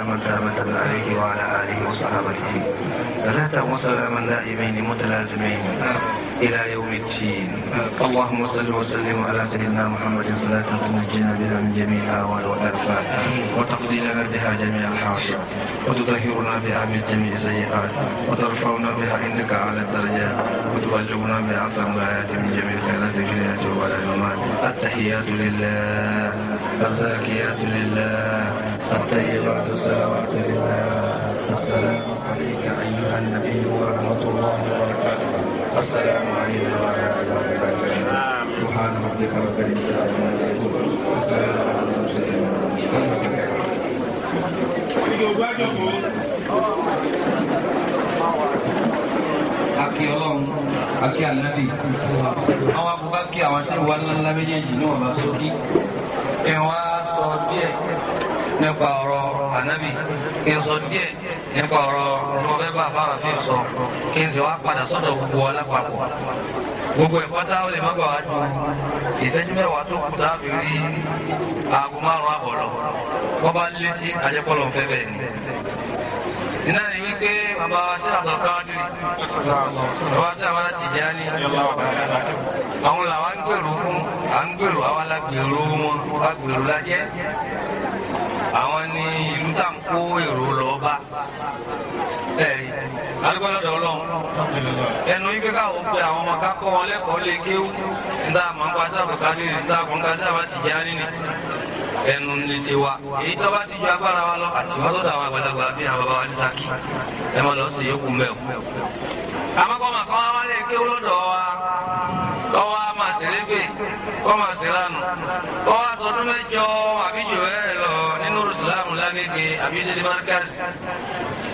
وسلم عليه وعلى آله وصحابته صلاة وسلاما دائمين متلازمين إلى يوم الدين اللهم صل وسلم على سيدنا محمد صلاة تنجينا بها من جميع الأهوال والألفات وتقضي لنا بها جميع الحاجات وتطهرنا بها من جميع السيئات وترفعنا بها عندك على الدرجات وتبلغنا بها الآيات من جميع الخيرات في الحياة التحيات لله الزاكيات لله الطيبات الصلوات لله السلام عليك أيها النبي ورحمة الله وبركاته السلام علينا وعلى عبادك الجنة سبحان ربك رب العزة عما يصفون وسلام على المرسلين والحمد لله Aki ọlọ́run, aki ànábì, àwọn akọ̀ọ́ká kí àwọn aṣẹ́wó ńláńlá méjèèjì ní wọ́n bá sókí. Ẹ wá sọ díẹ̀ nípa ọ̀rọ̀ ànábì kí n sọ díẹ̀ nípa ọ̀rọ̀ tí wọ́n fẹ́ bá àbára fi sọ kí n sì wá padà sọ́dọ̀ gbogbo wa lápapọ̀ gbogbo ẹ̀kọ́ tá a lè má bà wá ju ìṣẹ́jú mẹ́wàá tó kù tá a fi rí aago márùn-ún àbọ̀ lọ wọ́n bá lé sí ajẹ́pọ̀lọ̀ fẹ́ bẹ́ẹ̀ ni. iná ni wípé bàbá wa ṣe àbọ̀ káwádìí bàbá wa ṣe àwọn láti jẹ́ ní àwọn làwọn ń fún à ń gbèrò àwọn alágbèrò wọn agbèrò lájẹ́. àwọn ní ìlú tá ń kó èrò lọ bá ẹ̀rí alùpùpù ẹnu yín pé káwọn pe àwọn ọmọ kakọ́ wọn lè kéwú níta àmọ́ nípa sábàkà nínú níta àmọ́ nkasi sábà tìjà ẹnu ní èyí tó wa lọ àti wọn àwọn bàbá wa ní ẹ máa lọ sí yòókù mẹ́wò. àmọ́ kọ́ wa kọ́ kọ́ sọdún mẹ́jọ ẹ̀ àbílẹ̀ markaz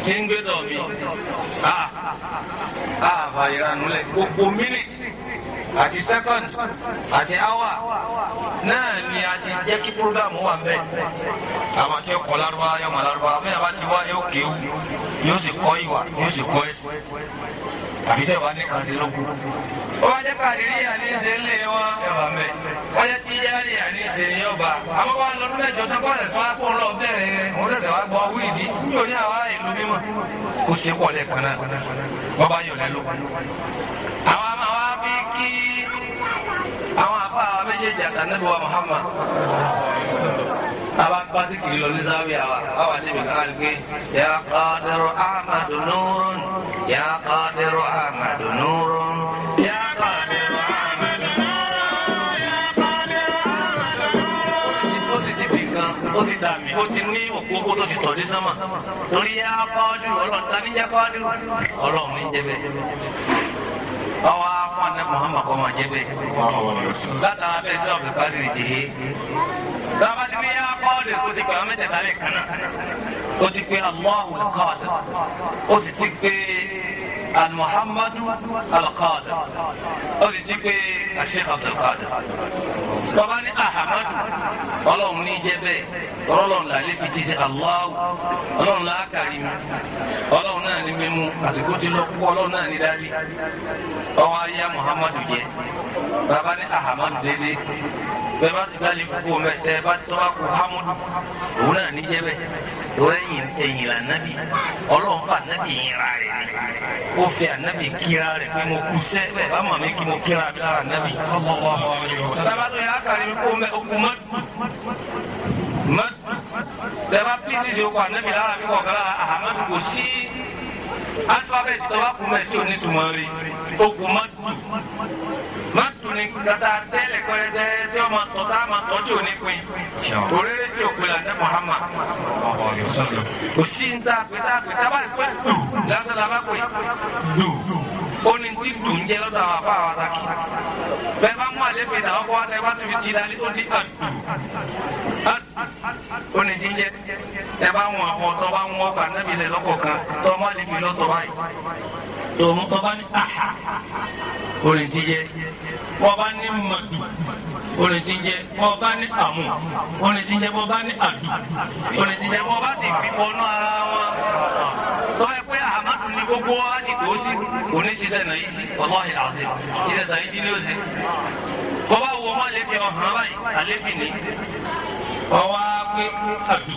kí ń gbé dọ̀ mí àfà ìranulẹ̀ gbogbo mínítì àti second àti hour náà ni a ti jẹ́ kí programu wà mbẹ́ àwọn akẹ́kọ̀ọ́ lárúbá yọmọ lárúbá àmì àbá ti wá yóò kéwù yóò sì kọ́ ìwà yóò sì kọ́ ẹ̀sìn àbí tẹ̀ wá ní kàṣẹ́ lókun. ó wá jẹ́ káàdì rí àníṣe ńlẹ̀ wọn ẹ̀wà mbẹ́. ọ yẹ ti yáyé àní ṣe yóò àwọn wa lọ́dún mẹ́jọ tó bọ́ ẹ̀tọ́ àpò lọ bẹ̀rẹ̀ òun lẹ́sẹ̀ wá gbọ́ wíìdì nítorí àwa ìlú mímọ́ ṣe náà wọ́n bá yọ̀ lẹ́lò. àwọn fi kí àwọn àwọn méjèèjì Muhammad aba kpasi kiri awa Ahmadu Ahmadu gbà mí ó ti ní òkúńkó tó ti tọ̀ ní sánmà torí yá kọ́ọ́dù ọlọ́run tani jẹ́ kọ́ọ́dù ọlọ́run ní jẹ́ bẹ́ẹ̀ ọwọ́ afọ àná Muhammad kọ́ máa jẹ́ bẹ́ẹ̀ látara bẹ́ẹ̀ sọ́ọ̀ bẹ́ẹ̀ kárí rè jìhe bàbá ti ní yá kọ́ọ́dù ó ti gbà mẹ́tẹ̀ẹ̀ta lè kànáà ó ti pé Allahu al-Qadir ó sì ti pé. عن القادر أولي تيكي الشيخ عبد القادر طبعا أحمد ọlọ́run ní jẹ́ bẹ́ẹ̀ ọlọ́run là lè fi ti ṣe aláwọ̀ ọlọ́run là á kàrí mi ọlọ́run náà ní mímú àsìkò tí lọ kú ọlọ́run náà ní dálé ọwọ́ ayé muhammadu jẹ bàbá ní torí ẹ̀yìn la nabi, ọlọ́run fa nábì yìnra rẹ̀ ó fi ànábì kíra rẹ̀ pé mo kú sẹ́ bẹ́ẹ̀ bá màmí kí mo kíra lára nábì. sábàtò yà á kàrí mi kó mẹ okú mọ mọ tẹ̀wá píìsì ṣe okú ànábì lára mi kọ̀ kára àhámàdù kò sí alifábẹ́ẹ̀tì tọ́wá kú mẹ́ẹ̀ tí ò ní tùmọ̀ rí okú mọ má tún ní kata tẹ́lẹ̀ kọ́lẹ́sẹ́ tí ọmọ tọ́ta ma tọ́jú onípin torí tí o pèlè àti Muhammad o sì ń ta pẹ́tà pẹ́tà bá ti pẹ́ dù lásán la bá pè dù ó ní tí dù ń jẹ́ lọ́dọ̀ àwọn àbá àwọn àtàkì bẹ́ẹ̀ bá mú àlẹ́ pẹ̀tà ọkọ̀ wa tẹ́ bá tóbi tí ìdálé tó ní àdù ó ní tí ń jẹ́ ẹ bá wọn àwọn ọ̀tọ̀ bá wọn ọkọ̀ ànábìlẹ̀ lọ́kọ̀ọ̀kan tọ́ ọmọ àlẹ́ mi lọ́tọ̀ báyìí tòun tọ́ bá ní àhà ó ní tí ń jẹ́ wọ́n bá ní màdù orin ti ń jẹ wọ́n bá ní àmù orin ti fi wọnú ara wọn. tọ́ ẹ pé ni gbogbo wa ti tó sí kò ní ṣiṣẹ́ náà yìí sí ọlọ́ọ̀hìn àti iṣẹ́ ni ó ṣe. bọ́bá wo ọmọ àlẹ́ fi ọ̀hún báyìí àlẹ́ fi ní ọwọ́ pé àbí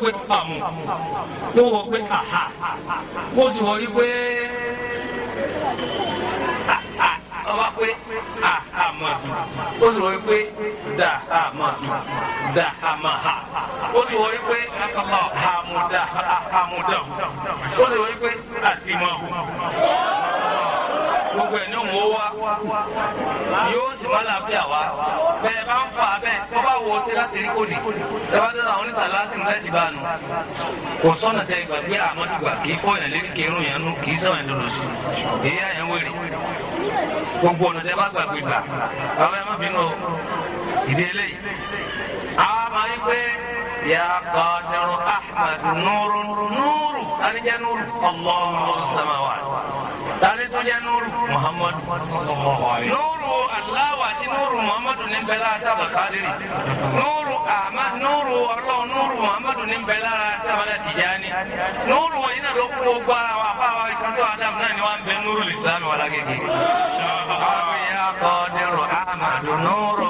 pé àmù ó wọ́n pé àhà ó sì wọ́n pé àhà wípé a àmà ó sì wọ wípé dà àmà dà àmà ha ó sì wọ wípé àmúdà àmúdà ó sì wọ wípé àtìmọ̀ mú wa yóò sì má làáfíà wa bẹ́ẹ̀ bá ń fa abẹ́ kọ́ bá wọ ṣe láti rí kòní tẹ́wá tẹ́lá àwọn oníta lásìkò láti bá a nù kò sọ́nà tẹ́ ìgbà pé àmọ́ ti gbà kì í fọyàn lé kí irun yẹn nù kì í sọ̀rọ̀ ìdòdò sí èyí àyẹn wèrè gbogbo ọ̀nà tẹ́ bá gbàgbé gbà àwọn ẹ̀ má bínú ìdílé yìí àwọn máa ń pẹ́ يا قادر أحمد نور نور أرجى نور الله نور السماوات sáré tó jẹ́ nóòrù muhammadu nóòrù aláwọ̀ àti nóòrù muhammadu ní bẹ́ẹ̀ lára nóòrù ahmad nóòrù ọlọ́run nóòrù muhammadu ní bẹ́ẹ̀ lára sábà tìjáni nóòrù wọ̀nyí náà ló kú gbogbo ara wa fáwa ìfúnṣọ́ adam náà ni wọ́n bẹ nóòrù islam wàlágége. àwọn ìyá kọ́ dẹrù ahmadu nóòrù.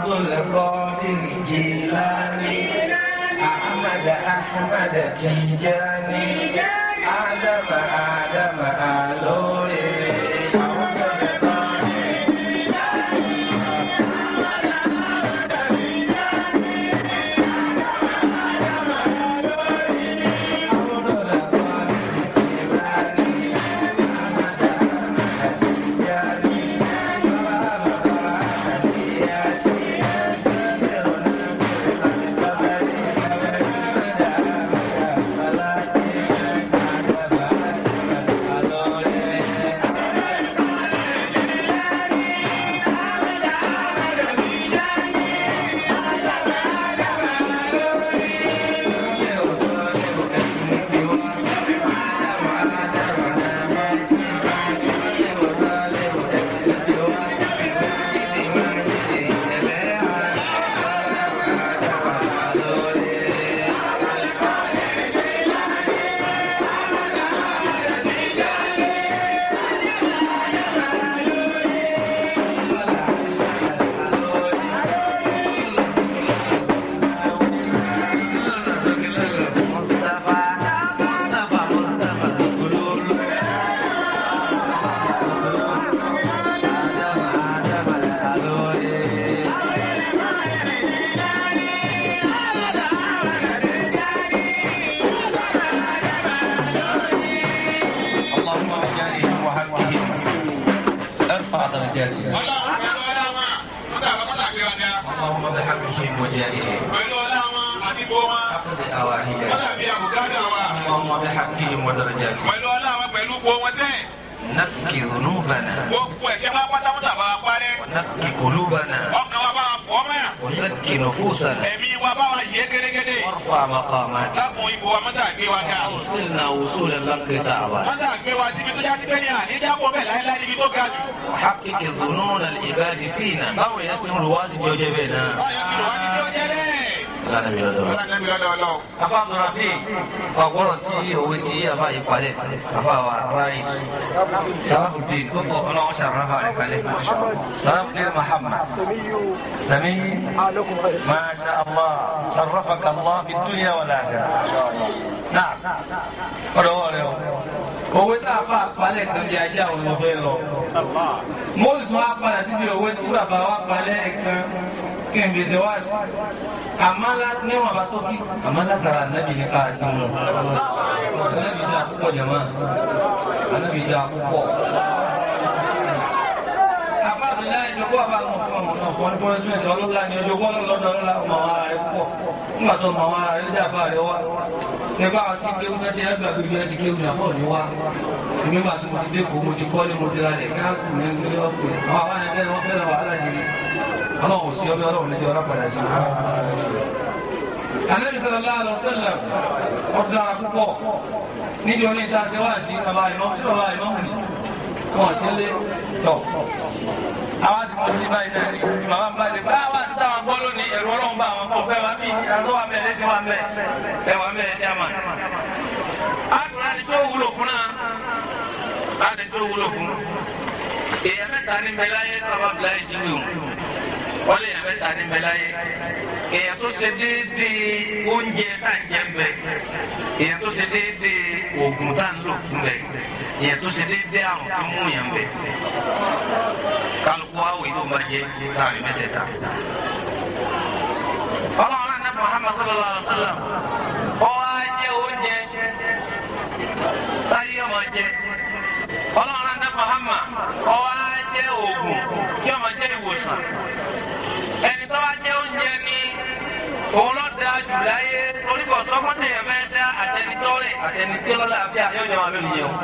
Abdul Qadir Jilani Ahmad Ahmad Jijani Adam Adam Aluri kwale kafawa rais sharafuddin gbogbo ọlọ́run ṣàrànfà rẹ̀ kalẹ̀ sharafuddin muhammad sami masha allah sarrafaka allah fi dunya wal akhirah náà ọ̀dọ̀ wọlé o owó tá a fa àpalẹ̀ kan bí ajá òun ló fẹ́ lọ. mo sì tún á padà síbi owó tí bàbá wa palẹ̀ kan kí n fi ṣe wá sí. níwọ̀n bá tóbi àmọ́ látara ànábì ní ká àti wọn ànábì dá púpọ̀ jàmá ànábì dá púpọ̀. àbábí láì jogún àbá àwọn ọ̀fọ́ àwọn ọ̀fọ́ ní punishment ọlọ́lá ni ojú wọ́n lọ́dọ̀ ńlá ọmọ ara rẹ̀ púpọ̀ nígbà tó ọmọ ara rẹ̀ dá bá rẹ̀ wá. nígbà wọn ti kéwú tẹ́tí ẹgbẹ́ àgbègbè ẹ ti kéwú ní àbọ̀ ní wá. nígbà tó mo ti dé kó mo ti kọ́lé mo ti ra lẹ̀ káàkiri ní ilé ọ̀pẹ̀ àwọn àwọn ọlọ́run ò sí ọbẹ̀ ọlọ́run ní ti ọlá padà sí i. Ànábì sallallahu alaihi wasallam ọ̀dà púpọ̀ níbi oní ìta ṣe wá sí bàbá ìmọ̀ sí bàbá ìmọ̀ nì wọ́n sí lé tọ̀. Àwọn àti mọ̀tò ní báyìí náà rí bàbá ń báyìí bá wà sí táwọn bọ́ lónìí ẹ̀rù ọlọ́run bá àwọn kọ̀ fẹ́ wá bí ìyàtọ̀ wà mẹ́rin sí wà mẹ́rin ẹ̀ wà mẹ́rin sí àmà. Àtúrà ni tó wúlò fún náà láti tó wúlò fún. Èèyàn mẹ́ta ní Mẹ́láyé sábà Bíláyé Jínú wọ́n lè yàn mẹ́ta ní mẹ́lá yẹ èèyàn tó ṣe déédéé oúnjẹ tá à ń jẹ mbẹ èèyàn tó ṣe déédéé oògùn tá à ń lò mbẹ èèyàn tó ṣe déédéé àrùn tó mú yàn mbẹ kálukú àwọ̀ yìí ló máa jẹ láàrin mẹ́tẹ̀ẹ̀ta. ọlọ́run náà Muhammad sallallahu alaihi wa sallam ọwọ́ á jẹ oúnjẹ táyé ọmọ jẹ ọlọ́run. òun lọ da jù láyé onígbà sọ́kọ́ tẹ̀yẹ̀ fẹ́ dá àtẹnitọ́rẹ̀ àtẹnití ọlọ́láàfíà yóò jẹun àbí olùyẹ̀wò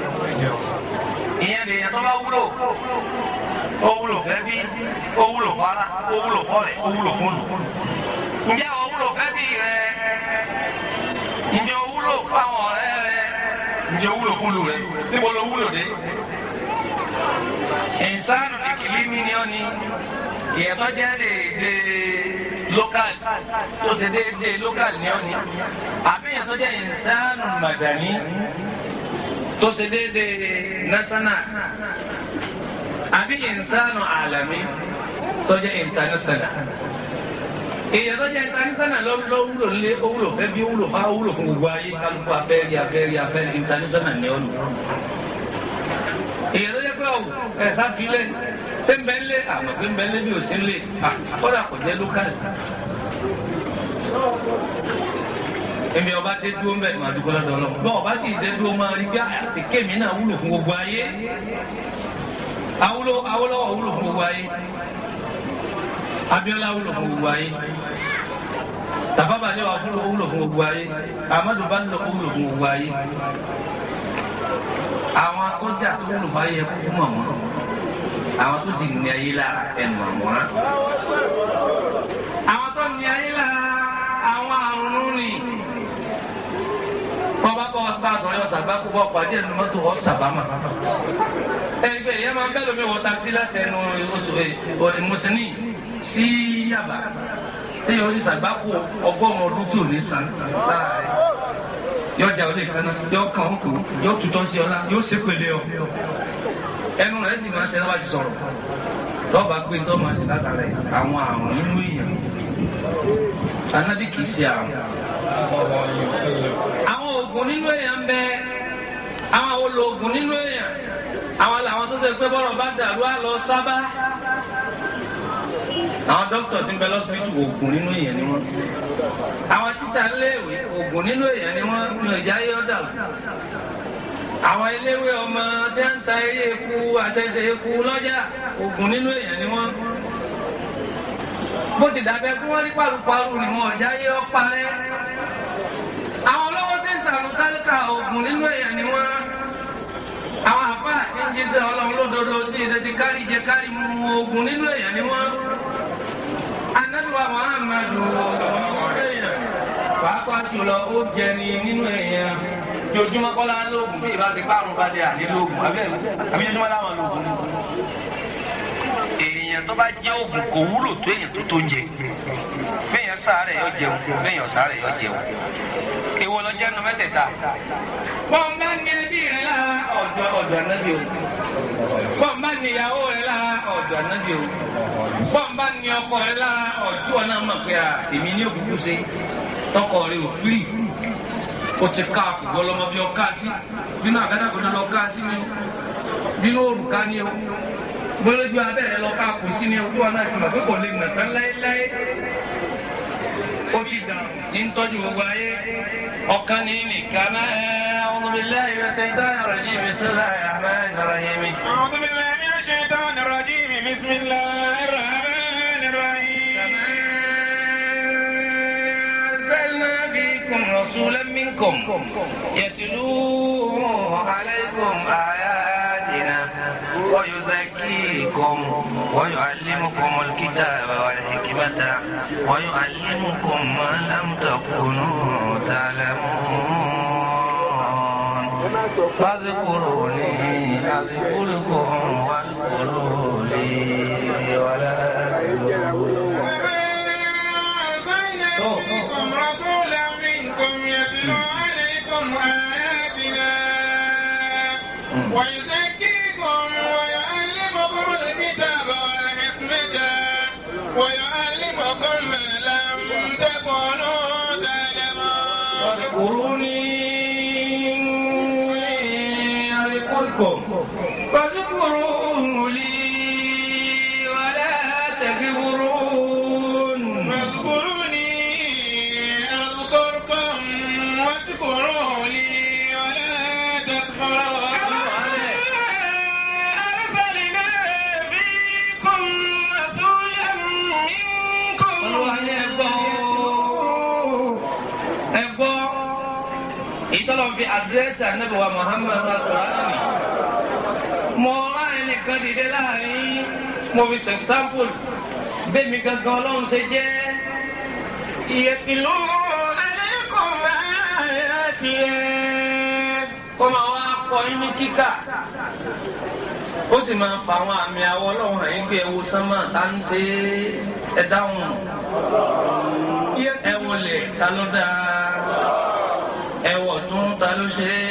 ìyẹn lèèyàn tó bá wúlò ó wúlò fẹ́bí ó wúlò fara ó wúlò fọ́rẹ̀ ó wúlò fóònù. ǹjẹ́ àwọn wúlò fẹ́bí rẹ ǹjẹ́ wúlò fáwọn ọ̀rẹ́ rẹ ǹjẹ́ wúlò fúlù rẹ níbo ló wúlò dé. ìsánù nìkìlí mi ni ó ní ìyẹ̀tọ́ jẹ́ lè local tó ṣe déédéé local ní òní àbíyàn tó jẹ́ ìsánù màdàní tó ṣe déédéé national àbí ìsánù àlàmí tó jẹ́ international èèyàn tó jẹ́ international ló ló wúlò lé ó wúlò fẹ́ bí ó wúlò fá ó wúlò fún gbogbo ayé kálukú abẹ́rẹ́ abẹ́rẹ́ abẹ́rẹ́ international ní òní èyàn ló yẹ pé ọ ẹ̀sà filẹ̀ pé mbẹ́lẹ́ àmọ́ pé mbẹ́lẹ́ bí òsín lè kọ́dà kò jẹ́ lókàlì. èmi ọba dé dúró mbẹ ní àdúgbò lọ́dọ̀ lọ bọ́n ọba sì dé dúró máa rí bí àtẹ̀kẹ́ ah, mi náà wúlò fún gbogbo ayé awúlò Awólọ́wọ̀ wúlò fún gbogbo ayé Abíọ́lá wúlò fún gbogbo ayé tàbábà yẹ wà fún wúlò fún gbogbo ayé amadu bá ń lọ wúlò fún gbogbo ayé àwọn sọ́jà tó lù bá yẹ kó mọ̀ wọ́n àwọn tó sì ní ayé lára ẹ̀ mọ̀ wọ́n. àwọn tó ní ayé lára àwọn àrùn rìn wọ́n bá bọ́ ọba àtọ̀rẹ́ ọ̀sà bá kó bọ́ pàdé ẹnu mọ́tò ọ̀sà bá mà. ẹgbẹ́ ìyá máa ń bẹ́ lómi wọ takisí láti ẹnu oṣù mùsùlùmí sí yàbá tí yóò sì ṣàgbákò ọgọ́rùn-ún ọdún tí ò ní sàn láàárín yóò jà olè kaná yóò kàn ó kù yóò tutọ́ sí ọ la yóò sépele ọ ẹnu rẹ sì máa ṣe lọ́wọ́ ti sọ̀rọ̀ lọ́ba pé tó máa ṣe látara àwọn àrùn nínú èèyàn anábì kì í ṣe àrùn. àwọn oògùn nínú èèyàn bẹ àwọn olóògùn nínú èèyàn àwọn làwọn tó ṣe pé bọ́lọ̀ bá dàrú àlọ́ sábà àwọn dókítà tí ń bẹ lọ́sibítù oògùn nínú èèyàn ni wọ́n àwọn títà léèwé oògùn nínú èèyàn ni wọ́n ní ọjà yọ̀dà àwọn eléwé ọmọ tí ń ta eré eku àtẹsẹ̀ eku lọ́jà oògùn nínú èèyàn ni wọ́n bó ti dàbẹ fún wọn ní paruparu ni wọn ọjà yẹ ọ parẹ́ àwọn olówó tí ń sàlù tálíkà oògùn nínú èèyàn ni wọ́n àwọn àfáà tí ń jíṣẹ́ Ọlọ́run lódodo tí ìṣe ti kárí jẹ kárí mu oògùn nínú èèyàn ni wọ́n anabiwa muhammadu pàápàá jùlọ ó jẹni nínú ẹ̀yà jojúmọ́ kọ́lá lóògùn bí ìbá ti pààrọ̀ bá dé àlè lóògùn abẹ́ àbí jojúmọ́ láwọn lóògùn èèyàn tó bá jẹ́ oògùn kò wúlò tó èèyàn tó tó ń jẹ béèyàn sàárẹ̀ yóò jẹun béèyàn sàárẹ̀ yóò jẹun èwo lọ jẹ́nu mẹ́tẹ̀ẹ̀ta. pọ́ńbà ni ẹbí rẹ̀ la ọ̀dọ̀ ọ̀dọ̀ ànábì o pọ́ńbà ni ìyàwó rẹ̀ la ọ̀dọ̀ ànábì o bọ́ǹbà ni ọkọ rẹ lára ọjọ́ náà mọ̀ pé èmi ní òkúkú ṣe tọkọ rẹ ò fírì o ti ká àkùgbọ́ lọ́mọ bí ọ sí bínú àgádágodo náà lọ ká sí ni bínú òrùka ni o gbọ́dọ̀jú abẹ́rẹ́ lọ ká kù sí ni ojú wa náà pé kò lè mọ̀ tán láéláé ó ti dàrú tí ń tọ́jú gbogbo ayé ọ̀kan ní nìkan náà أعوذ بالله من الشيطان الرجيم بسم الله الرحمن الرحيم أعوذ بالله من الشيطان الرجيم بسم الله الرحمن رسولا منكم يتلو عليكم آياتنا ويزكيكم ويعلمكم الكتاب والحكمة ويعلمكم ما لم تكونوا تعلمون فاذكروني أذكركم ويزكيكم ويعلمكم الكتاب والحكمة ويعلمكم ما hadith anabi wa muhammad alukurani mọ láàrin nìkan dìde láàrin mo fi sẹ̀ sámpùl bẹ́ẹ̀ mi gangan ọlọ́run ṣe jẹ́ ìyẹ̀tìlú ẹlẹ́kọ̀ọ́ ẹ̀ tiẹ̀ kó máa wá kọ́ yín ní kíkà ó sì máa fa àwọn àmì àwọ ọlọ́run àyín pé ẹ sánmà tá ń ṣe ẹ dáhùn ẹ wọlé ta ló dáa ẹ wọ̀ tún ta ló ṣe é.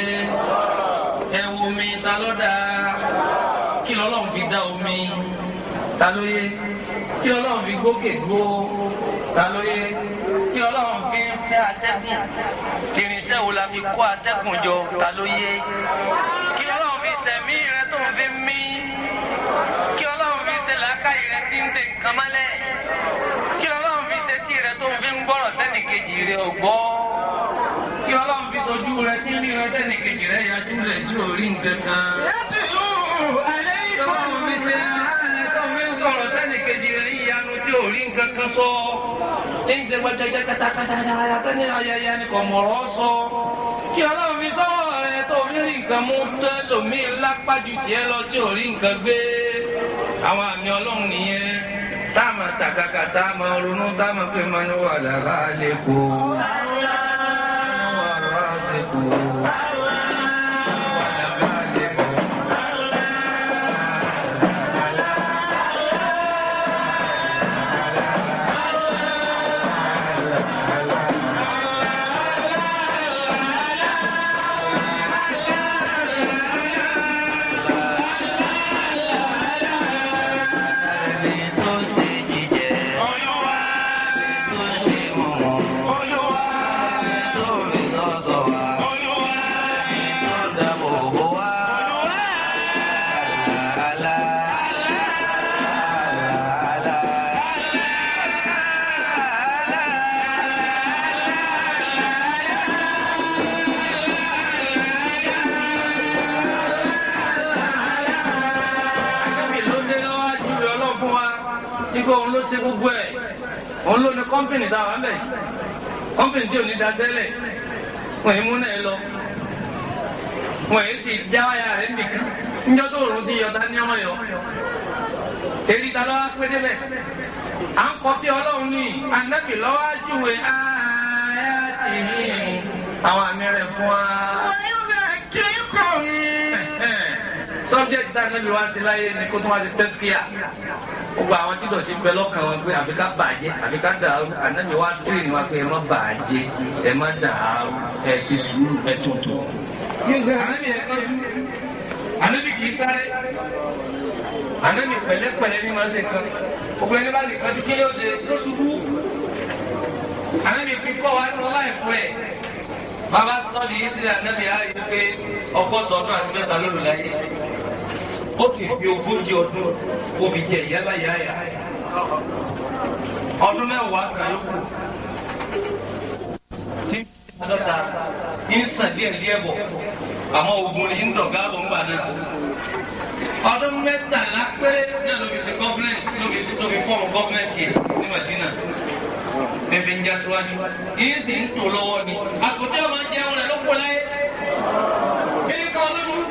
gbókè dúró ta ló yẹ kí ọlọ́run fi ń fẹ́ atẹ́kùn irinṣẹ́ wo la fi kó atẹ́kùn jọ ta ló yẹ kí ọlọ́run fi sẹ̀mí rẹ tó ń fi mí kí ọlọ́run fi ṣe làákàyè rẹ tí ń tẹ nǹkan mọ́lẹ̀ kí ọlọ́run fi ṣe tí rẹ tó ń fi ń gbọ́rọ̀ sẹ́nìkejì rẹ ò gbọ́ kí ọlọ́run fi sojú rẹ tí ń rí rẹ sẹ́nìkejì rẹ yájú rẹ tí ò rí nǹkan kan. yàtúù àlẹ́ ìkọlù mi ṣe àárẹ̀ tó ń fi ń sọ̀rọ̀ sẹ́nìkejì tí ò rí nǹkan kan sọ tí ń ṣe gbẹdẹgbẹ kátàkátà tó ní ayẹyẹ ni kò mọ̀rọ̀ sọ kí ọlọ́run fi sọ́wọ́ rẹ tó rí nǹkan mú tó ẹlòmíì lápájù tiẹ̀ lọ tí ò rí nǹkan gbé àwọn àmì ọlọ́run nìyẹn tá a máa tàkàkà tá a máa ronú tá a máa pè máa ní wàhálà ṣe gbogbo ẹ̀ òun ló ní kọ́mpìnì tá a wà bẹ̀ kọ́mpìnì tí ò ní da sẹ́lẹ̀ wọ́n yìí múná ẹ lọ wọ́n yìí sì já ya rẹ̀ nìkan níjọ́ tó òrùn ti yọ tani ọmọ yọ èyí ta lọ́wọ́ pé débẹ̀ à ń kọ́ bí ọlọ́run ní anábì lọ́wọ́ àjùwé ayá ti ní àwọn àmì rẹ̀ fún wa. subject tí anábì wá sí láyé ni kó tó wá sí tẹ́síkìá gbogbo àwọn tí dọ̀tí ń bẹ lọ́kàn wọn pé àfi ká bàjẹ́ àfi ká dàrú ànámi wá dúró ìwà pé ẹ má bàjẹ́ ẹ má dàrú ẹ ṣe sùúrù ẹ tuntun. ànámi ẹ kọ́ ànámi kì í sáré ànámi pẹ̀lẹ́pẹ̀lẹ́ ni màá ṣe kan gbogbo ẹni bá lè kanjú kí yóò ṣe tó ṣubú ànámi fi kọ́ wa ní ọlá ẹ̀fọ́ ẹ̀ bàbá sọ́ọ̀dì yìí sílẹ̀ ànámi á rí i pé ọkọ̀ tọ́dún àti mẹ́ta lólu láyé ó sì fi ogójì ọdún ó fi jẹ ìyá láyà yà ọdún mẹ́wàá kan yóò kù tí àdọ́ta ń sàn díẹ̀ díẹ̀ bọ̀ àmọ́ ogun ni ń dọ̀gá bọ̀ ń bà náà ọdún mẹ́tàlá péré náà ló fi ṣe gọ́fúnẹ̀ntì ló fi ṣe tó fi fọ́ọ̀mù gọ́fúnẹ̀ntì ẹ̀ ní Madina bẹ́ẹ̀ ń jásíwájú yìí sì ń tò lọ́wọ́ ni àsòtẹ́ ọmọ jẹun rẹ̀ ló kó láyé kí ni ká ọlọ́run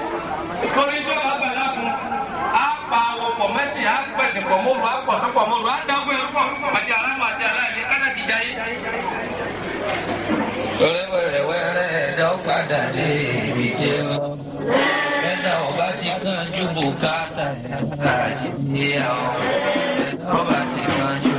kọ́ni jọ́ pa ọkọ̀ mẹ́sì á pẹ̀sì pọ̀ mọ́lu á pọ̀ sọ́pọ̀ mọ́lu á dáwọ́ ẹ̀rú pọ̀ àti aláwọ̀ àti aláìní kánà ti jayé. wẹ́rẹ́wẹ́rẹ́ ẹ̀dá ó padà dé ibi tí ó ẹ̀dá ọba ti kánjú bùkátà ẹ̀dá àti ìyá ọ̀ ẹ̀dá ọba ti kánjú.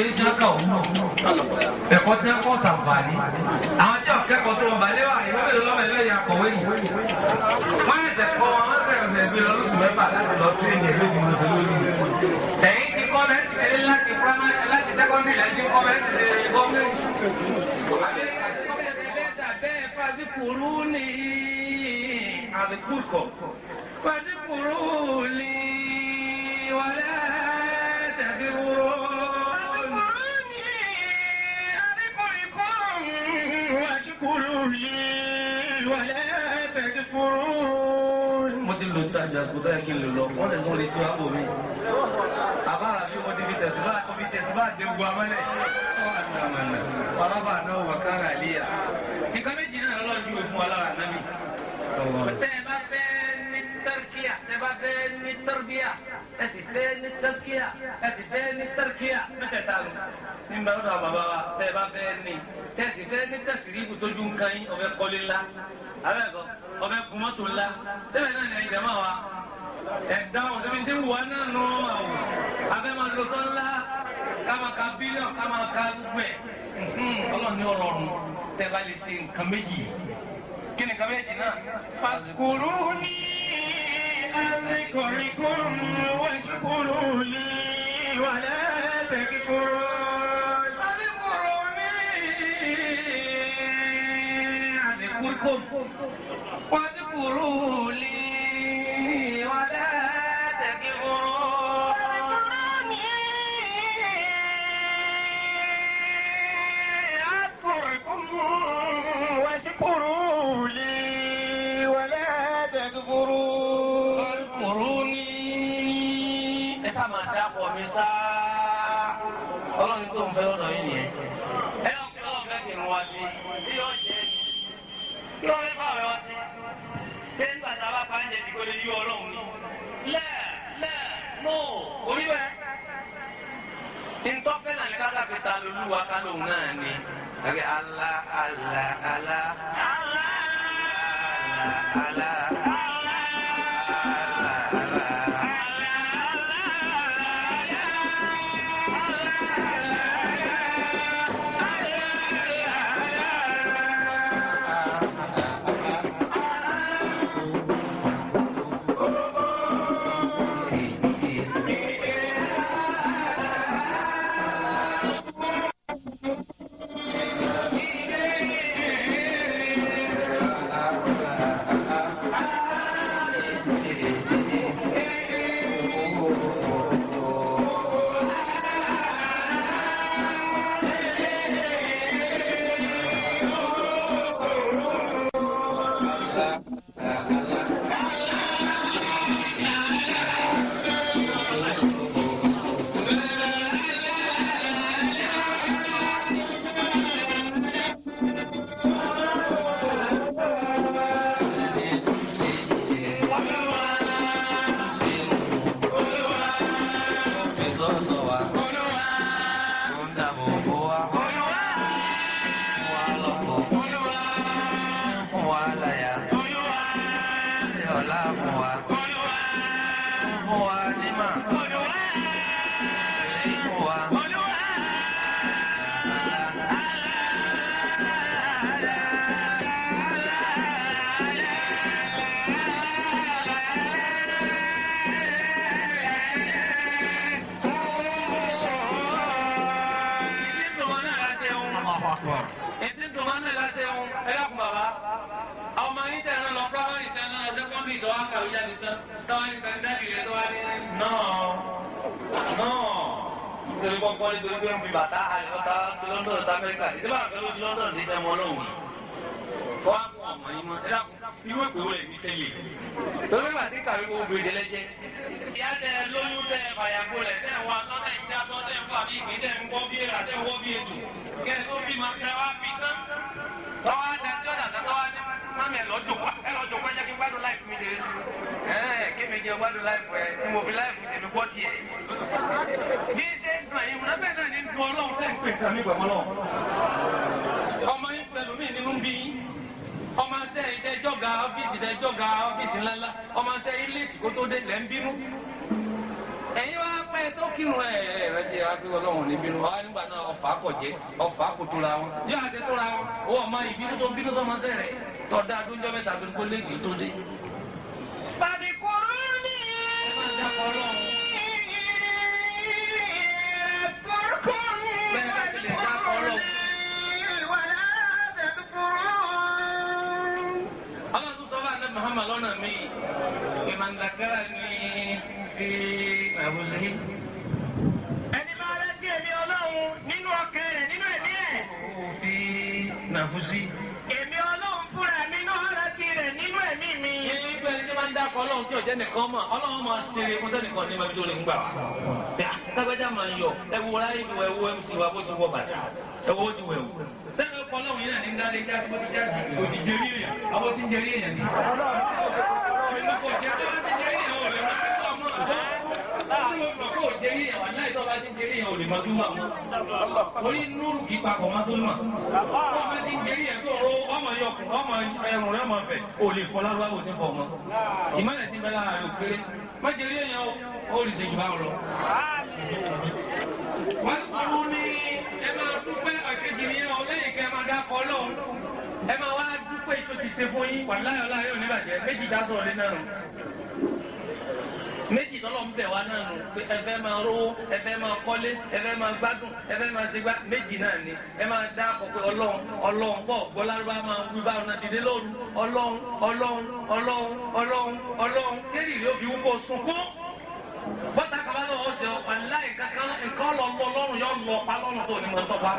ìwé jákà òun ẹ̀kọ́ tí wọ́n kọ́ sàǹfààní àwọn tí wọ́n kẹ́kọ̀ọ́ tó wọn bá lé wà ìwé mélòó lọ́mọ ẹ̀lẹ́ yà kọ̀wé yìí wọ́n yẹ tẹ̀ wọn wọ́n tẹ̀ ẹ̀ gbé lọ lóṣù mẹ́fà láti lọ sí ẹ̀yìn ìlú ìjùmọ̀ sí lórí ẹ̀yìn ti kọ́ mẹ́tì láti primary láti secondary láti kọ́ mẹ́tì tẹ́lẹ̀ lo jàsùkò tó yẹ kí n lò lọ wọ́n tẹ̀sán lè tó àpò mi. àbára bí mo dìbí tẹ̀sùn bá kọ́ bí tẹ̀sùn bá dé gbọ́ amẹ́lẹ̀. ọlọ́ba náà wà kára àlíyà. nǹkan méjì náà lọ́lọ́run yóò fún wa lára náà mi. tẹ́ ẹ bá fẹ́ ní tẹ́rkíà tẹ́ bá fẹ́ ní tẹ́rbíà ẹ sì fẹ́ ní tẹ́skíà ẹ sì fẹ́ ní tẹ́rkíà mẹ́tẹ̀ẹ̀ta lọ. ní bá lọ́dọ̀ bàbá wa tẹ́ bá fẹ́ ní tẹ́sì fẹ́ ní tẹ́sì rí ibùdójú nǹkan yín ọ̀fẹ́ kọ́lé ńlá. àbẹ́ ọbẹ̀ kun mọ́tò ńlá sẹ́bẹ̀ náà ní ẹ̀yìn jẹ́mọ́ wa ẹ̀dá wọn sẹ́mi tí wọ́n náà nù ọ́ mà wò abẹ́ máa lọ sọ́nlá ká máa ka bílíọ̀n ká máa ka gbẹ hmm, ọlọ́run ní ọ̀rọ̀ ọ̀run tẹ́ bá lè ṣe nǹkan méjì kí ni nǹkan méjì náà. pàṣípùrù ní àlékòríkò wọ́n ṣùkúrú wàlẹ́ tẹ̀kíkúrú. لكم واذكروا لي ولا تكفروا أذكركم واشكروا لي ولا تكفروا واذكروني ẹ sáà máa dápọ̀ mi sáà ọlọ́run tó ń fẹ́ lọ́dọ̀ yìí. kí wọ́n fẹ́ fáwọn ẹ̀wọ̀n sí ṣé nígbà tá a bá pàǹdé bí kò lè ọlọ́run ni lẹ́ lẹ́ nù orí ntọ́fẹ́ náà ní káká fi ta lóluwà kánò náà ni ala ala ala ala ala. nítorí pé ń fi bàtà àyọ̀tà ti London ti Amẹ́ríkà ìdí bá àgbẹ̀ lójú London ní ìfẹ́ wọn lóhùn. kọ́ àpò ọmọ yìí mọ ẹ̀dá ìwé ìpè wọlé ní sẹ́yìn. torí bá ti kàwé kó gbé jẹ lẹ́jẹ́. ìyá tẹ lóyún tẹ fàyàgbó rẹ tẹ wà tọ́tẹ̀ ìjà tọ́tẹ̀ ń fà bí ìgbín tẹ ń gbọ́ bí èrà tẹ wọ́ bí ètò. kẹ tó bí ma tẹ wá bí tán. tọ́wọ́ adájọ́ dàtà tọ́wọ́ adé mami ẹ lọ́jọ́ wa ẹ lọ́jọ́ wa jẹ́ kí gbádùn láìpù mi dé. ẹ kémi jẹ gbádùn láìpù ẹ mo fi láìpù tèmi gbọ́ tiẹ̀. nǹkan mi pẹ̀lú náà. ọmọ yín pẹ̀lú mi nínú bí ọmọ ṣe ìdẹ́jọ́gà ọ́fíìsì ìdẹ́jọ́gà ọ́fíìsì ńláńlá ọmọ ṣe ilé kó tó dé lẹ́ ń bínú. ẹ̀yin wá pẹ́ tó kírun ẹ̀ rẹ ti wá pé ọlọ́run ní bínú wá nígbà náà ọ̀fà kò jẹ́ ọ̀fà kò tóra wọn yóò àṣẹ tóra wọn ó ọmọ ìbínú tó bínú sọmọ ṣe rẹ̀ tọ́da adóńjọ́ mẹ́ta tó ń kó léèkì tó dé. tàbí kò rú ni. ẹ má dákọ̀ ọlọ́run. lọ́nà míì ìmọ̀ǹdàkárà ní fi àbùsí. ẹni máa rántí èmi ọlọ́run nínú ọkàn rẹ̀ nínú ẹ̀mí ẹ̀. ó fi nàfúsí. èmi ọlọ́run fúnra mi náà rántí rẹ̀ nínú ẹ̀mí mi. ní pé ẹni tí máa ń dákọ̀ ọlọ́run tí ọ̀jẹ́ nìkan mọ̀ ọlọ́run máa ṣe é fún sẹ́nìkan ní ẹbí tó lè ń gbà. tágbájá máa ń yọ ẹwu ráyè ẹwu mc wa bó ti wọ bàtà ẹwu ó ti wẹ̀wù sẹ́yìn ọkọ̀ ọlọ́run yìí náà ní dáadé jásí bó ti jásí kò ni. èmi kò jẹ́ tó bá ti jẹ́rí èèyàn ò lè máa tó ọmọ àbọ̀ láàárọ̀ kò jẹ́rí èèyàn wọn láì tó bá ti jẹ́rí èèyàn ò lè máa tó wà mọ́. orí núrù kì í papọ̀ máa tó mà. wọ́n bá ti jẹ́rí èèyàn tó ro ọmọ yọkùn ọmọ ẹrùn rẹ̀ mọ̀ fẹ̀ ò lè fọ lárúbáwò tí fọ ọmọ. ìmọ̀lẹ̀ ti bẹ́ lára rẹ̀ má jẹ́rí èèyàn ó lè ṣèjì bá ọ lọ. ẹ máa wá dúpẹ́ tó ti ṣe fún yín wàláyọ̀ láyọ̀ níbàjẹ́ méjì dá sọ̀rọ̀ lé náà nù méjì tọ́lọ̀ ń bẹ̀ wá náà nù pé ẹ fẹ́ máa rówó ẹ fẹ́ máa kọ́lé ẹ fẹ́ máa gbádùn ẹ fẹ́ máa ṣe gbá méjì náà ni ẹ máa dá akọ pé ọlọ́run ọlọ́run bọ̀ gbọ́lárúbá máa wí báwọn náà dìde lóru ọlọ́run ọlọ́run ọlọ́run ọlọ́run ọlọ́run kéré ìlú òbí wúkọ sunkún bọ́tà kaba lọ́wọ́ ọ̀sẹ̀ ọ̀pá láì kankan nǹkan lọ́ọ́ lọ́ọ́rùn yọ lọ́ọ́ pa lọ́rùn tó ní mọ́tò wa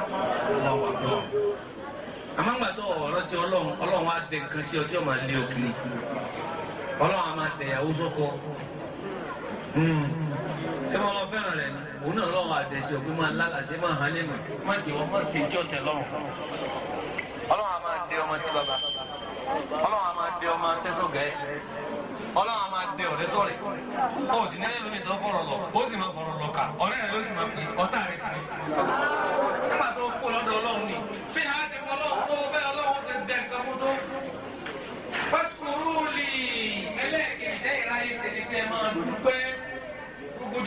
àmọ́ ńgbà tó ọ̀rọ̀ ti ọlọ́run ọlọ́run á dé nǹkan sí ọjọ́ máa lé òkè ọlọ́run á máa tẹ̀yàwó sọ́kọ hmm. ṣé wọn lọ fẹ́ràn rẹ̀ ni òun náà lọ́wọ́ àtẹ̀sí òkú máa lálàsí máa hàn lẹ́nu má jẹ́ wọ́n mọ̀ sí ìjọ tẹ̀ lọ́rùn ọlọ́run á máa dé ọmọ sí bàbá ọlọ́run á máa dé ọmọ sẹ́sọ̀gẹ́ ọlọ́run á máa dé ọ̀rẹ́ sọ̀rẹ́ o sì ní ẹlòmíì tó fọ̀rọ̀ lọ o sì máa fọ̀rọ̀ lọ kà ọ̀rẹ́ rẹ̀ ló sì máa fi ọ̀tá rẹ̀ sí i.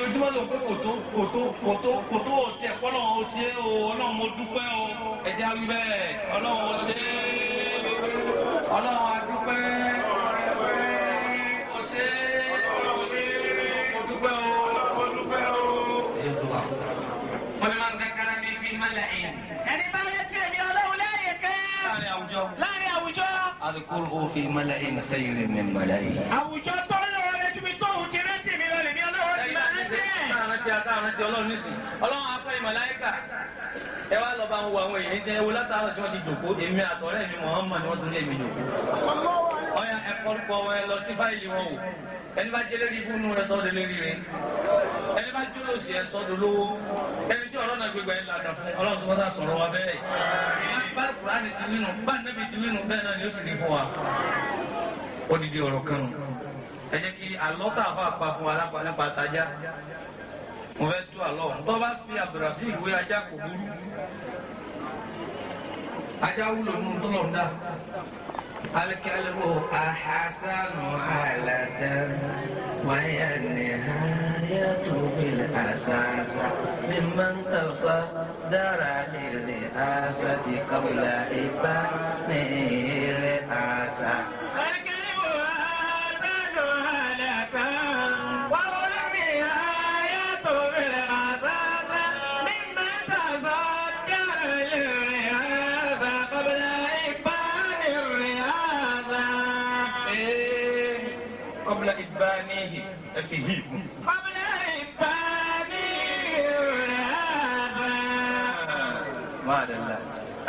ojoojúmọ́ ló pé kò tó kò tó kò tó kò tó ò tiẹ̀ kọ́ náà ó ṣe é o ọlọ́run mo dúpẹ́ o ẹ̀jẹ̀ wí bẹ́ẹ̀ ọlọ́run ó ṣe é ọlọ́run á dúpẹ́ ó ṣe é mo dúpẹ́ o mo dúpẹ́ o. wọ́n máa ń gbẹ kára bíi fi máa lẹ̀ ẹ̀yìn. ẹni bá yẹ sí ẹ̀mí ọlọ́run láàyè kẹ́. láàrin àwùjọ. láàrin àwùjọ. alukóró fi mọ́lẹ̀ sẹ́yìn rẹ̀ mi mọ́lẹ̀ àwùjọ tó òun ti ṣe káàrán tí a káàrán tí ọlọ́run nísìn ọlọ́run afẹ́ ìmọ̀láyíkà ẹ wá lọ́ba wo àwọn èèyàn jẹ́ ewu látàárọ̀ tí wọ́n ti jòkó èmi àtọ̀rẹ́ mi Muhammad ni wọ́n tún lé mi jòkó. ọyà ẹ kọ́kọ́ wọn lọ sí fáìlì wọn wò ẹni bá jẹ́ lórí ibùnú rẹ sọ́dọ̀ lórí rẹ ẹni bá jẹ́ lóṣì ẹ sọ́dọ̀ lówó ẹni tí ọ̀rọ̀ náà gbégbá ẹ lànà fún ọlọ́run tó bá sà sọ̀rọ̀ wa bẹ́ẹ̀. bá Kùránì ti nínú bá Nábì ti nínú bẹ́ẹ̀ náà ni ó sì ní fún wa. odidi ọ̀rọ̀ kan nù ẹ jẹ́ kí alọ́ tá a fà pa fún wa nípa tajà mo fẹ́ tú alọ́ tó bá fi abdulrafi ìwé ajá kò burú ajá wúlò nínú tó lọ́ọ́ alikẹ́lẹ́wò ahasanu alata wáyà ni háyà tó bìlẹ̀ àṣàṣà mímọ́ ń tọ́sọ dára ìrìnlẹ̀ àṣà ti kọ́bùlà ìbá mi rẹ̀ àṣà.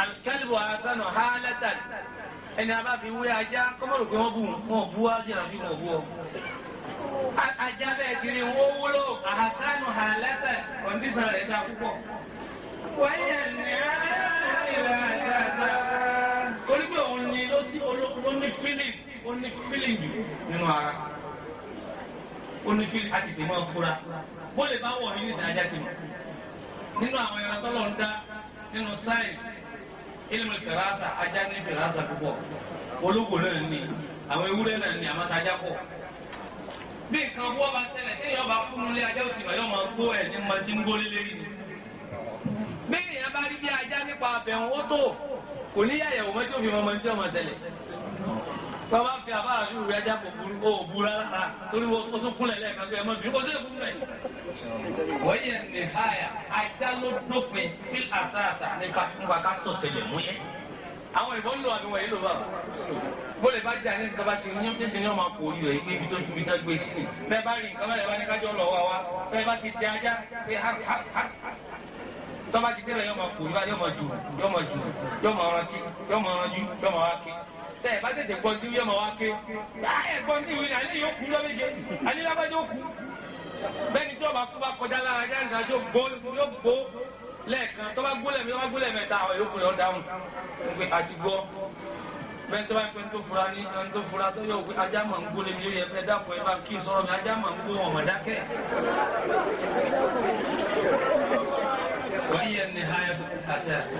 alkalibu asanu halatan ẹni a bá fi wé ajá kọ́mọ́rò pé wọ́n bù wọ́n bú wá jìnnà bí wọ́n bú ọ. ajá bẹ́ẹ̀ ti rí wọ́n wúlò ahasanu halatan kọ́ndíṣàn rẹ̀ dá púpọ̀. wáyà ni àyà àṣàṣà torí pé òun ni ló ní feeling òun ni feeling nínú ara onífíìlì á tètè máa fura bó lè bá wọ̀ nínú ìsìn ajá ti mọ̀ nínú àwọn ẹran tọ́lọ̀ ń dá nínú sáyẹ̀nsì ilmu firasa ajá ní firasa púpọ̀ olóko náà ní àwọn ewúrẹ́ náà ní àwọn tajá pọ̀ bí nǹkan wọ́ bá ṣẹlẹ̀ tí èèyàn bá kú nílé ajá òtì mọ̀ yóò máa gbó ẹ̀ ní ma ti ń gbólé lérí ni bí èèyàn bá rí bí ajá nípa abẹ̀wọ̀n ó kò ní yàyẹ̀wò mọ́tò fi mọ́ wọ́n bá fi àbá àfi ìwé ajá kò burú kó o bu rárá torí wọ́n tó tún kúnlẹ̀ lẹ́ẹ̀kan tó ẹ mọ́ bí o ṣe fún bẹ́ẹ̀. wọ́n yẹ ní háyà ajá ló dópin sí àtàtà nípa nípa ká sọ tẹ̀lé mú yẹn. àwọn ìbọn ń lò àbí wọ̀nyí ló bá bó lè bá jẹ àní ìsìnkà bá ti ní ní sinimá máa kó orí rẹ̀ pé ibi tó ju ibi tá gbé sí ni. bẹ́ẹ̀ bá rí nǹkan báyìí ní kájọ́ lọ wá wá tọ́ba ti débẹ̀ yọ máa kó jù yọ jù yọ máa rántí yọ máa ránjú yọ máa kí tẹ ẹ bá tètè gbọ́ tí wíyọ́ máa wá ké ẹ gbọ́ tí wíyọ́ alẹ́ yóò kú lọ́mẹ́jẹ alẹ́ lábájọ́ kú bẹ́ẹ̀ ni tí ọba kú bá kọjá lára ajá nìkan yóò gbó yóò gbó lẹ́ẹ̀kan tó bá gbólẹ̀ mi tó bá gbólẹ̀ mẹ́ta ọ̀ yóò kúrẹ́ ọ̀ dáhùn pé àti gbọ́ bẹ́ẹ̀ tó bá pẹ́ tó fura ní ẹni tó fura tó yọ ajá mọ̀ ń gbólẹ̀ mi lórí ẹ dákun ẹ bá kí n mi ajá mọ̀ ń gbó ọmọ dákẹ́. wọ́n yẹ ní háyà tó kásẹ̀ àṣẹ.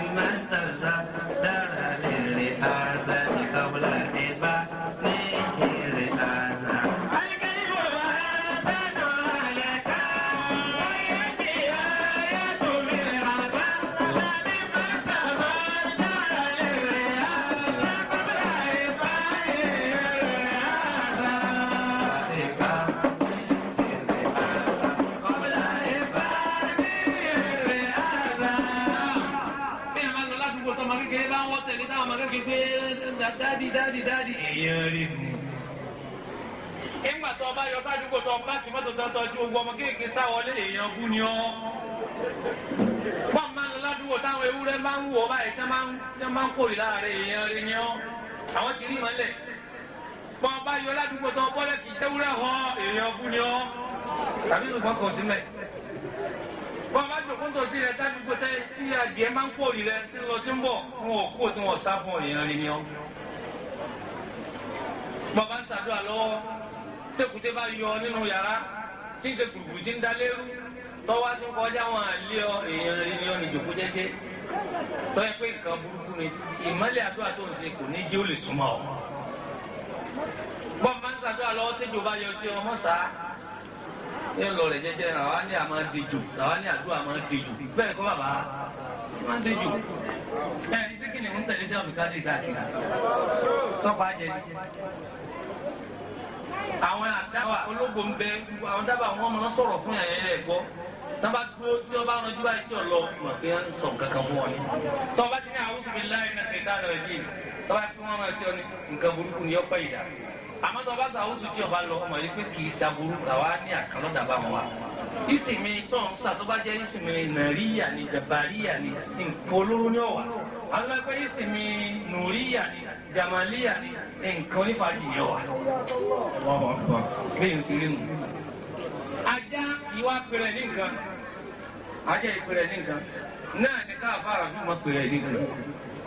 ládùúgbò báńkì mọ́tò tó tọ́jú gbogbo ọmọ kéèké sáwọlé èèyàn bú ni ọ́. pọ́ǹpá lọ ládùúgbò táwọn ewúrẹ́ máa ń wọ̀ báyìí tán máa ń kórè láàárẹ̀ èèyàn rẹ̀ ni ọ́. àwọn ti rí ìmọ̀lẹ̀. pọ́ǹpá yọ ládùúgbò tó bọ́lẹ̀ kì í tẹ́wúrẹ́ họ èèyàn bú ni ọ́. tàbí ṣùgbọ́n kò sí mẹ́. pọ́ǹpá jòkóńtò sí rẹ̀ ládùúgbò tí adìẹ máa ń kórè rẹ̀ tí lọ tẹkùtẹ bá yọ nínú yàrá tí ń ṣe kùrùkùrù tí ń da lérú tọ́wá tí ń kọjá wọn àlé ọ èèyàn rẹ ni ọ ní ìjòkó jẹ́jẹ́ tọ́yẹ pé nǹkan burúkú ni ìmọ́lẹ̀ àdúrà tó ń ṣe kò ní jẹ́ ó lè súnmọ́ ọ. bọ́n máa ń ṣàdúrà lọ́wọ́ tẹ́jọ bá yọ sí ọmọ sá ní lọ rẹ̀ jẹ́jẹ́ àwa ní àmọ́ dejò àwa ní àdúrà àmọ́ dejò bẹ́ẹ̀ kọ́ bàbá máa ń dejò ẹ̀ ní sẹ́kìnì ń tẹ̀lé sí àbíkájì káàkiri sọ́pàá jẹ́ àwọn àdáwà ológo ń bẹ àwọn dábà wọn máa sọ̀rọ̀ fún yàrá yẹn gbọ́ tọ́ba dúró tí ọba rọjú báyìí tí ọlọ mọ̀ pé ń sọ nǹkan kan fún ọ ni. tọ́ba ti ní àwọn fún mi láì ní ṣe dáná rẹ̀ yìí tọ́ba tí wọ́n máa ṣe ọ ní nǹkan burúkú ni ọ̀pọ̀ ìdá. àmọ́ tọ́ba sọ àwọn tí ọba lọ mọ̀ pé kì í ṣàbúrú àwa ní àkànlọ́dà bá wọn wa. ìsìnmi tó ń sà tó bá jẹ́ ìsìnmi nàríyà ni jàbáríyà ni nǹkan olóró ní ọ̀wà. àwọn ẹgbẹ́ ìsìnmi nùríyà ni jàmàlíyà nǹkan onífàájì yẹn wà. bẹ́ẹ̀ ni ti rí mu. ajá ìwà pèrè ní nǹkan ajá ìpèrè ní nǹkan náà ni káàbá àrà fún ọmọ pèrè ní nǹkan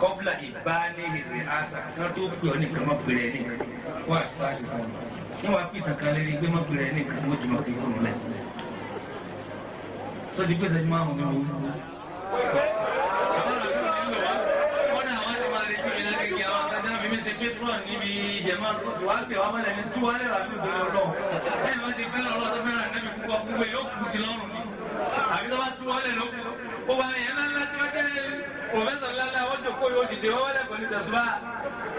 kọ́bùlà ìbánihìrì àṣà kan tó pè ọ́ nìkan mọ́ pèrè ní nǹkan wọ́n àṣìkò àṣìkò wọn. níwọ̀n á pè tàkà lérí gbé mọ́ pèrè ní nǹkan wọ́n ti mọ̀ kí n kò mọ̀ lẹ́yìn. sọ́dí pèsè ẹni máa ń mọ̀ mí wọ́n ṣe patron níbi ìjẹ̀mọ́ tó wá pè wá mọ́lẹ̀ ní tí wọ́n lè rà tó bẹ̀rẹ̀ ọlọ́run ẹ̀yìn wọ́n ti fẹ́ràn ọlọ́run tó fẹ́ràn nẹ́bí púpọ̀ púpọ̀ yóò kù sí lọ́rùn ni àbí tó bá tú wọ́n lẹ̀ ló kù ó wà ẹ̀yẹ ńláńlá tí wọ́n jẹ́ pòfẹ́sọ̀ ńláńlá ó jòkó yóò dìde wọ́n wọlé pẹ̀lú tẹ̀síwá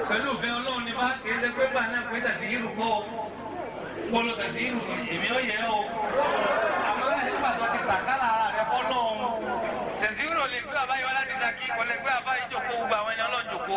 pẹ̀lú òfin ọlọ́run ni bá kéé ṣe pé gbà náà pé tẹ̀sí yìí kọ́ polo tẹ̀sí yìí èmi ó yẹ o àmọ́ láti pàtó ti sàkálà ara rẹ fọ́ náà tẹ̀sí yìí ò lè gbé àbáyọ láti dàkí kò lè gbé àbáyọ ìjòkó gbogbo àwọn ẹni ọlọ́run jòkó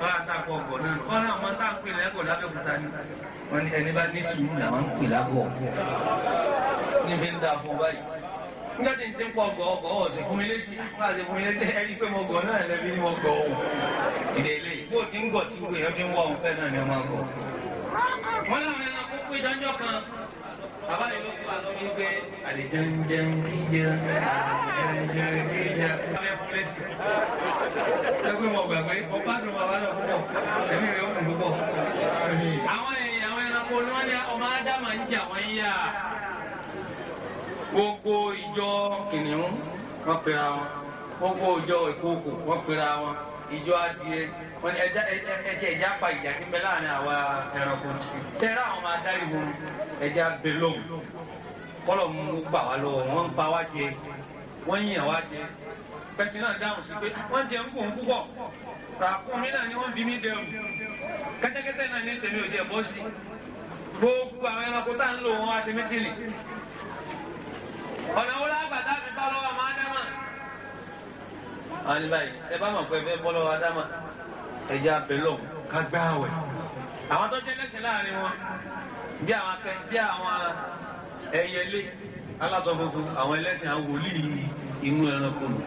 wọ́n á sàkó ọkọ̀ náà wọ́n náà wọ́n tá à ń pè lẹ́kọ̀ọ́ ni. wọ́n ní ẹni bá ní sùúrù làwọn ń pè lágọ̀ níbi ń da fún báyìí. nígbà tí n ti ń pọ̀ ọgọ̀ ọgọ̀ ọ̀sẹ̀ fún mi létí máa ṣe fún mi létí ẹni pé mo gọ̀ náà lẹ́bi ni mo gọ̀ ọ̀ ìdèlè bó ti ń gọ̀ tí wọ́n fi ń wọ́ ọ̀fẹ́ náà ni wọ́n máa gọ̀. wọ́n láwọn ẹranko pé ìdájọ́ kan bàbá mi ló kú àná mi gbé àlìjẹunjẹun jíjẹ àlìjẹunjẹun jíjẹ. sẹ́gbẹ́ mọ̀ gbàgbé ọba dùn bàbá náà púpọ̀ ẹ̀mí rẹ̀ ó kù púpọ̀. àwọn èèyàn àwọn ẹranko ni wọ́n ní ọmọ ádámà ń jà wọ́n yá. gbogbo ìjọ kìnìún wọ́n pera wọn gbogbo ìjọ ìkókò wọ́n pera wọn ìjọ adìẹ wọn ni ẹja ẹjẹ ẹja pa ìjà tí ń bẹ láàrin àwa ẹranko tẹ́lá àwọn máa dárí wọn ẹja bẹ lóhùn kọ́lọ̀ mú gbà wá lọ́wọ́ wọ́n ń pa wá jẹ wọ́n yìn wá jẹ pẹ̀sìn náà dáhùn sí pé ah, wọ́n jẹ ń kùn púpọ̀ ràkúnmí náà ni wọ́n fi mí dẹrù kẹ́tẹ́kẹ́tẹ́ náà ní tèmi ò jẹ bọ́ sí gbogbo àwọn ẹranko tá ń lò wọn wá sí mítìlì ọ̀nà wo lágbàdá fi bá lọ́wọ́ ẹ̀yà abẹ́lọ̀ ká gbá àwẹ̀. àwọn tó jẹ́ lẹ́sẹ̀ láàrin wọn bí àwọn akẹ́ bí àwọn ẹyẹlé alásọ funfun àwọn ẹlẹ́sìn àwọn wòlíì inú ẹranko nù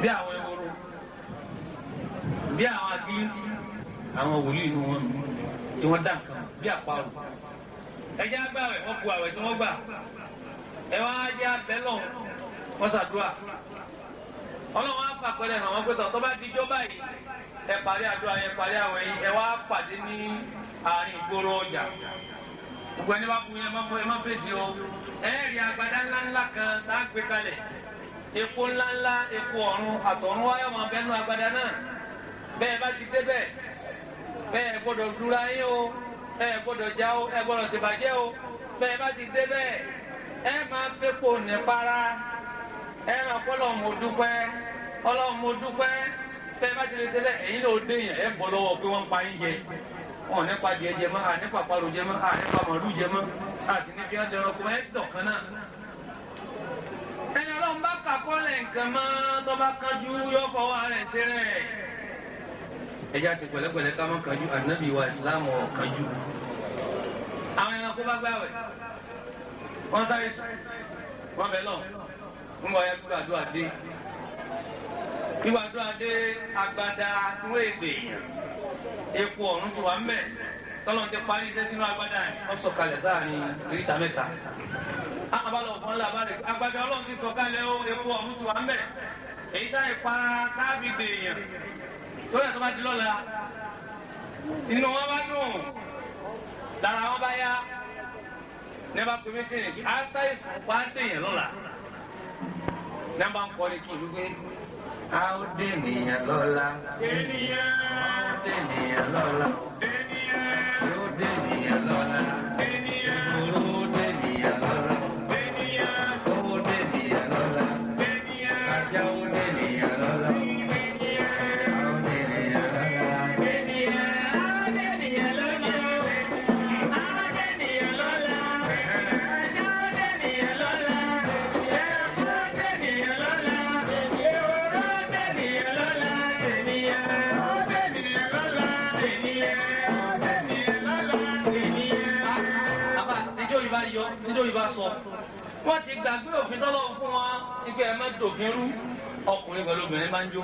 bí àwọn ehoro bí àwọn agiliti àwọn wòlíì inú wọn tí wọ́n dá nǹkan bí àparò ẹ̀jẹ̀ agbáwẹ̀ ọkọ̀ àwẹ̀ tí wọ́n gbà ẹ̀ wọ́n á jẹ́ abẹ́lọ̀ wọ́n ṣàdúrà ọlọ́run á fàpẹ́rẹ́ hàn wọ́n pé tọ̀ tó bá dijọ́ báyìí ẹ parí àdúrà yẹn parí àwẹ̀ yìí ẹ wá pàdé ní àárín ìgboro ọjà gbogbo ẹni wá kú yẹn má fún ẹ má fèsì o ẹ rí agbada ńláńlá kan tá a gbé kalẹ̀ epo ńláńlá epo ọ̀run àtọ̀run wáyọ̀ mọ̀ bẹ́nu agbada náà bẹ́ẹ̀ bá ti dé bẹ́ẹ̀ bẹ́ẹ̀ gbọ́dọ̀ dúra yín o ẹ gbọ́dọ̀ já o ẹ gbọ́dọ̀ ṣèbàjẹ́ o bẹ́ẹ̀ bá ti dé bẹ́ẹ̀ ẹ máa fẹ́pọ̀ nípara ẹ ràn fọlọ́mù dúpẹ́ ọlọ́run mo dúpẹ́ tẹ́ ẹ bá ti lè ṣe bẹ́ẹ̀ ẹ̀yin náà dé yẹn ẹ̀ bọ́ lọ́wọ́ pé wọ́n ń pa yín jẹ wọn nípa díẹ̀ jẹ mọ́ nípa parò jẹ mọ́ nípa màlúù jẹ mọ́ àti níbi ọjọ́ ẹranko ẹ̀ dọ̀kan náà. ẹni ọlọ́run bá kàkọ́lẹ̀ nǹkan mọ́ tó bá kánjú yóò fọwọ́ rẹ̀ ṣe rẹ̀. ẹja ṣe pẹ̀lẹ́pẹ̀lẹ́ ká mọ́ kánjú ànábì wa islam ọ̀ kánjú. àwọn ẹranko bá gbàwẹ̀ wọ́n sáré wọ́n bẹ̀ lọ nígbà tó agbada tí wọ́n epo ọ̀run ti wà ń bẹ̀ tọ́lọ́n ti parí iṣẹ́ sínú agbada yìí wọ́n sọ kalẹ̀ sáàrin ríta mẹ́ta. àbálọ̀ ọ̀fọ̀n ńlá agbada ọlọ́run ti sọ kalẹ̀ o epo ọ̀run ti wà ń bẹ̀ èyí táyì pa káàbì dèèyàn tó yẹ tó bá di lọ́la inú wọn bá dùn lára wọn bá yá a ó dènìyàn lọ́la. dènìyàn. dènìyàn wọ́n ti gbàgbé òfin tọ́lọ́wọ́ fún wọn ike ẹ̀ mẹ́tò òfin rú ọkùnrin pẹ̀lú obìnrin máa ń jó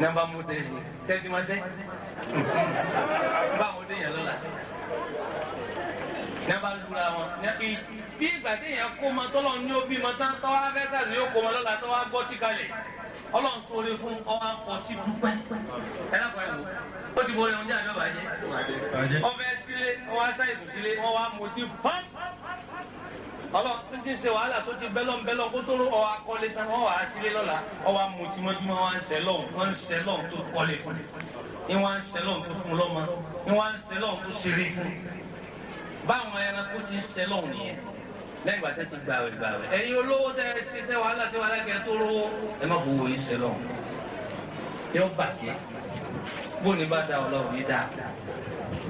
nàbà mú tẹ̀sí tẹ̀sí wọn sẹ́ báwo déyàn lọ́la nàbà lura wọn bí ìgbà déyàn kó ma tọ́lọ́ ní ó bí ma tán tọ́wọ́ afẹ́sà ni ó kó ma lọ́la tọ́wọ́ gbọ́ tí kalẹ̀ ọlọ́run sọ̀rọ̀ fún ọwọ́ afọ̀tí dúpẹ́ ẹ̀ lápá ẹ̀ wò ó ti bọ̀ ọ́ lẹ́wọ̀n ní àjọba jẹ́ ọbẹ̀ ọlọ́run tó ti ṣe wàhálà tó ti bẹ́lọ̀n bẹ́lọ̀n kó tó rọ ọ akọ́lé tán wọ́n wà á sílé lọ́la ọ wà mú tìmọ́tìmọ́ wọn ń sẹ́lọ̀ wọn ń sẹ́lọ̀ tó kọ́lé ni wọn ń sẹ́lọ̀ tó fún lọ́mọ ni wọn ń sẹ́lọ̀ tó ṣeré fún báwọn ẹranko ti ń sẹ́lọ̀ nìyẹn lẹ́yìn ìgbà tẹ́ ti gbàwẹ̀ gbàwẹ̀ ẹ̀yin olówó tẹ́ ẹ ṣiṣẹ́ wàhálà tí wàhálà kẹ́ tó rówó ẹ má fowó yín sẹ́lọ̀ yóò bàjẹ́ bóni bá da ọlọ́run yìí dáadáa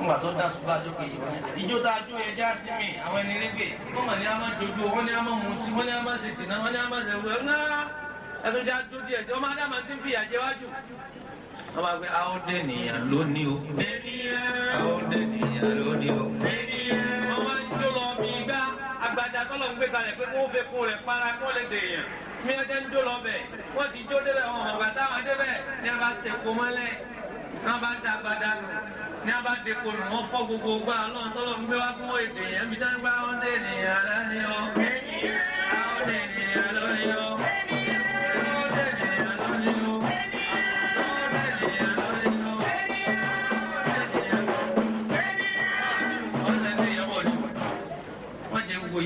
ńgbà tó dá sùpá jókè yìí wọn. ìjó tá a jó yẹn já sí mi àwọn ẹni rẹ́gbẹ̀ wọ́n mọ̀ ní a máa dojú wọ́n ní a máa mutí wọ́n ní a máa ṣèṣì náà wọ́n ní a máa ṣe wúwo ńlá ẹtọ́ já jó díẹ̀ tí wọ́n máa dá màá ti ń fi ìyàjẹ́ wájú. wọ́n máa gbé àwọn dé nìyàn lónìí o. àwọn dé nìyàn lónìí o. wọ́n máa jó lọ bí gbá agbada wọn bá da agbada nù ní abá depo nù wọn fọ gbogbo gbà lọ́n tọ́lọ́ ń gbé wá fún èdè yẹn bí sáré gbá wọn dé ènìyàn lẹ́ni o o. wọ́n jẹ́ gbogbo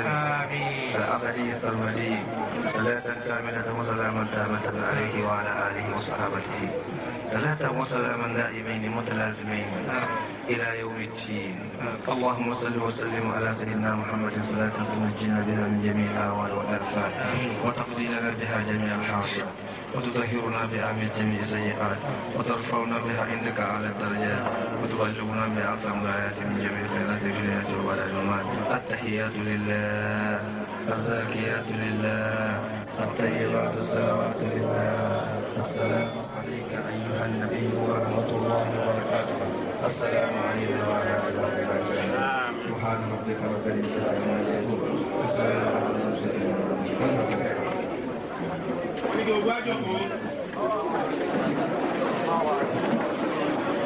آمين الأبدي السرمدي صلاة كاملة وسلاما تامة عليه وعلى آله وصحابته صلاة وسلاما دائمين متلازمين إلى يوم الدين اللهم صل وسلم على سيدنا محمد صلاة تنجينا بها من جميع الأهوال والألفات وتقضي لنا بها جميع الحاجات وتطهرنا بها من جميع سيئات وترفعنا بها عندك على الدرجات وتبلغنا بها الايات من جميع خيرات الحياة الممات التحيات لله الزاكيات لله الطيبات الصلوات لله السلام عليك أيها النبي ورحمة الله وبركاته السلام علينا وعلى آله سبحان ربك رب العزة عما يصفون وسلام على المرسلين Ìdòwú àjọkọ̀.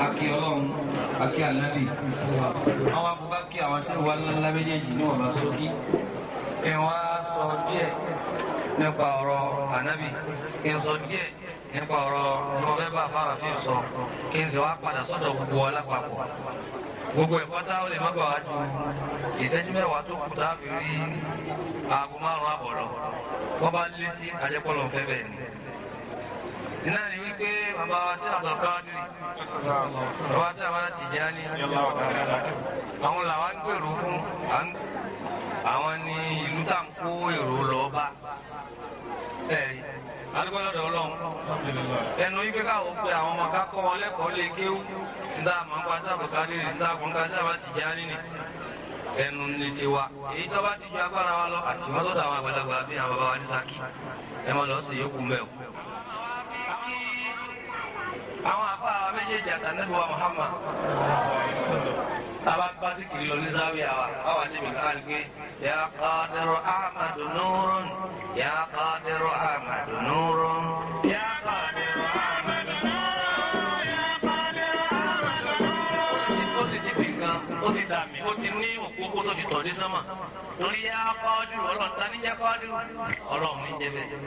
Akí ọlọ́run, akí ànábì. Àwọn akọ̀bá kí àwọn aṣẹ́wà ńláńlá méjèèjì ní ọ̀nà sókí. Ẹ wá sọ díẹ̀ nípa ọ̀rọ̀ ànábì. Ẹ sọ díẹ̀ nípa ọ̀rọ̀ nọ́fẹ́bà fáwọ̀fin sọ. Kí n sì se padà sọ́dọ̀ gbogbo alápapọ̀ gbogbo ẹ̀kọ́ tá ó lè má bàa ju ìṣẹ́jú mẹ́wàá tó kù tá a fi rí aago márùn-ún àbọ̀ wọ́n bá lé sí àjẹpọ̀lọ̀ fẹ́ bẹ́ẹ̀ ni. iná ni wípé bàbá wa sí àbàkádì bàbá wa sí àbàkádì Tìjání àwọn làwọn ń gbèrò fún àwọn ní ìlú tá ń kó èrò lọ bá ẹ̀rí alùpùpù lọ́dọ̀ ọlọ́run ẹnu yìí pé káwọn pe àwọn ọmọ ká kọ́ wọn kéwú ń dá ń pa sí àbàkádì ń dá ń pa sí àbàkádì Tìjání ni ẹnu ní tiwa èyí tó bá ti ju agbára wa lọ àti wọn lọ́dọ̀ àwọn àgbàlagbà bí àwọn bàbá wa ní Ṣakí ẹ máa lọ sí yòókù mẹ́wọ̀. àwọn afa méjèèjì àtànẹ́bùwà Muhammad aba bá ti kiri lọ ní awa, wa báwa débi káàlì pé yà á kọ́ dẹrọ Ahmadu nùrùn yà á Ahmadu nùrùn. sánmà torí yá kọ́ọ́dù ọlọ́run tani jẹ́ kọ́ọ́dù ọlọ́run ní jẹ́ bẹ́ẹ̀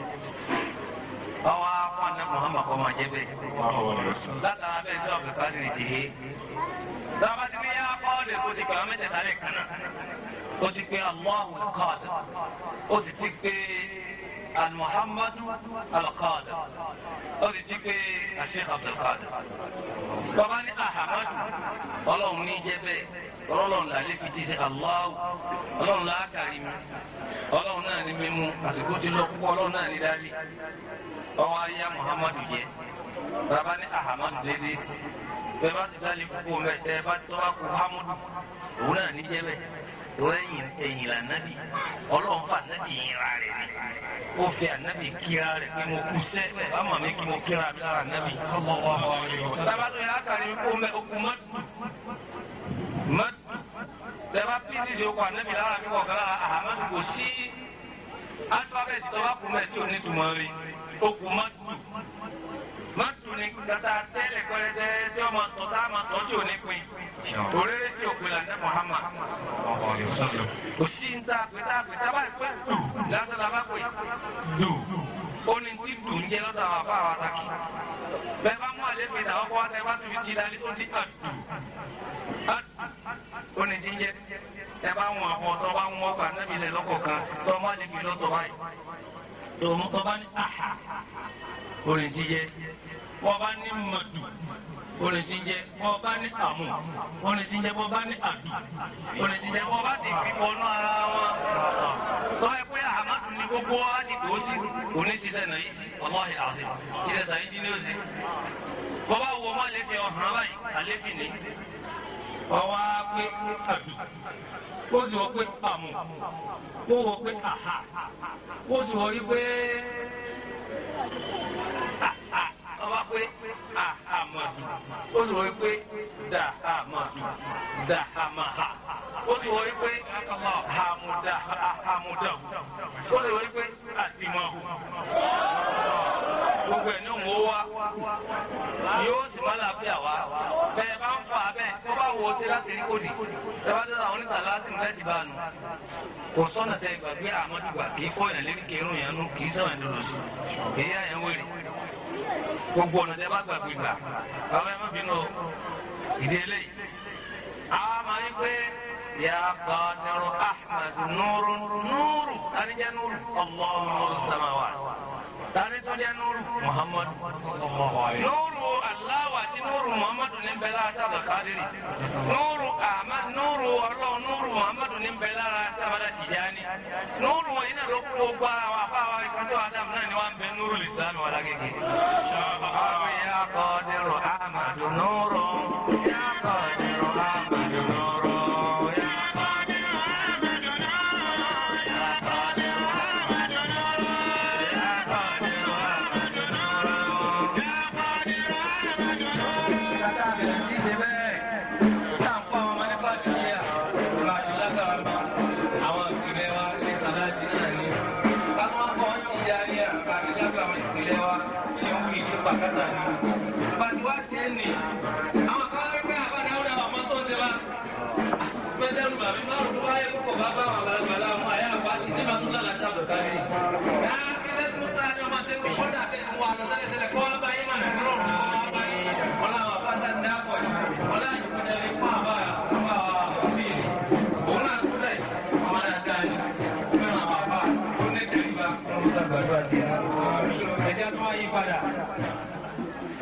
ọwọ́ akọ́ Muhammad kọ́ máa jẹ́ bẹ́ẹ̀ látara bẹ́ẹ̀ sọ ọ̀bẹ̀ kárí rìn jìhe lọ́ba ti ní yá kọ́ọ́dù kó ti gbàgbọ́ mẹ́tẹ̀ẹ̀ta rẹ̀ kánà ó ti pé Allahu al-Qad ó sì ti pé al-Muhammadu al-Qad pé al-Sheikh Abdul Qadir bàbá ní ahamadu ọlọ́run ní jẹ́ bẹ́ẹ̀ ọlọ́run là lè fi ti ṣe aláwọ̀ ọlọ́run là á kàrí mi ọlọ́run náà ní mímú àsìkò tí lọ púpọ̀ ọlọ́run náà ní dárí ọwọ́ ayé muhammadu yẹ bàbá ní ahamadu dédé bẹ́ẹ̀ bá sì dárí púpọ̀ mẹ́ ẹ bá tọ́ bá kú hamudu òun náà ní jẹ́ bẹ́ẹ̀ lẹ́yìn ẹ̀yìn là nábì ọlọ́run fà nábì yìnra rẹ̀ ó fi ànábì kíra rẹ̀ pé mo kú sẹ́ bá mọ̀ mí kí mo kíra mi lára nábì. sábà tó yẹ tẹ́lá pdc kọ anabi lára mi wọ̀ kára ahamadu kò sí alifábẹ́ẹ̀tì tó bá kú mẹ́ tí ò ní tùmọ̀ rí o kù má tù má tù ní tata tẹ́lẹ̀ pẹ́rẹsẹ́ tí ọmọ tọ́ tá a ma tọ́ tí ò ní pin òrèrè tí ò pin lànà Muhammad kò sí ní tá a pè tá a pè tá a bá pè tù lásán la bá pè tù ó ní tí dùn jẹ́ lọ́dọ̀ àwọn afáwà sákì bẹ́ẹ̀ bá mú àlẹ́ pè tàwọn kọ́ wá sẹ́ wá tóbi tí ìdálé tó ti àdù. kan tó o lè fi lọ́tọ̀ báyìí tó tó bá ní jẹ wọ́n bá ní jẹ wọ́n bá ní jẹ wọ́n bá ní jẹ wọ́n bá ti fi wọnú ara wọn tọ́ ẹ pé àmà gbogbo wa ti tó sí òní náà yìí sí ọlọ́ọ̀hìn àṣẹ ṣiṣẹ́ wọ́n bá ọmọ ọ̀hún ni wọ́n wá pé ó sì wọ́n pé wọ́n wọ pé àhà sì wọ́n rí pé ọba pé àhà màdù sì wọ́n rí pé dàhà màdù dàhà sì wọ́n rí pé hàmùdà hàmùdà wọ́n sì wọ́n rí pé àtìmọ̀hù. kò sọ́nà tẹ gbàgbé àmọ́dùgbà kì í fọ́ ìyàn lérí kẹrùn yẹn nù kì í sọ̀rọ̀ ẹ̀dùn lọ sí kì í yá yẹn wèrè gbogbo ọ̀nà tẹ bá gbàgbé gbà bàbá yẹn má bínú ìdí eléyìí. àwa máa ń pé ya Qadiru Ahmad nuru nuru tani jẹ nuru Allahu nuru samawa tani tó jẹ nuru Muhammadu nuru Allahu àti nuru Muhammadu ní bẹ́lá sábà kárìrì nuru Ahmad nuru ọlọ́run nuru Muhammadu. gbogbo àwọn àbáwá ìfọ̀síwájú àmì náà ni wọ́n ń bẹ nínú rúlì sàmì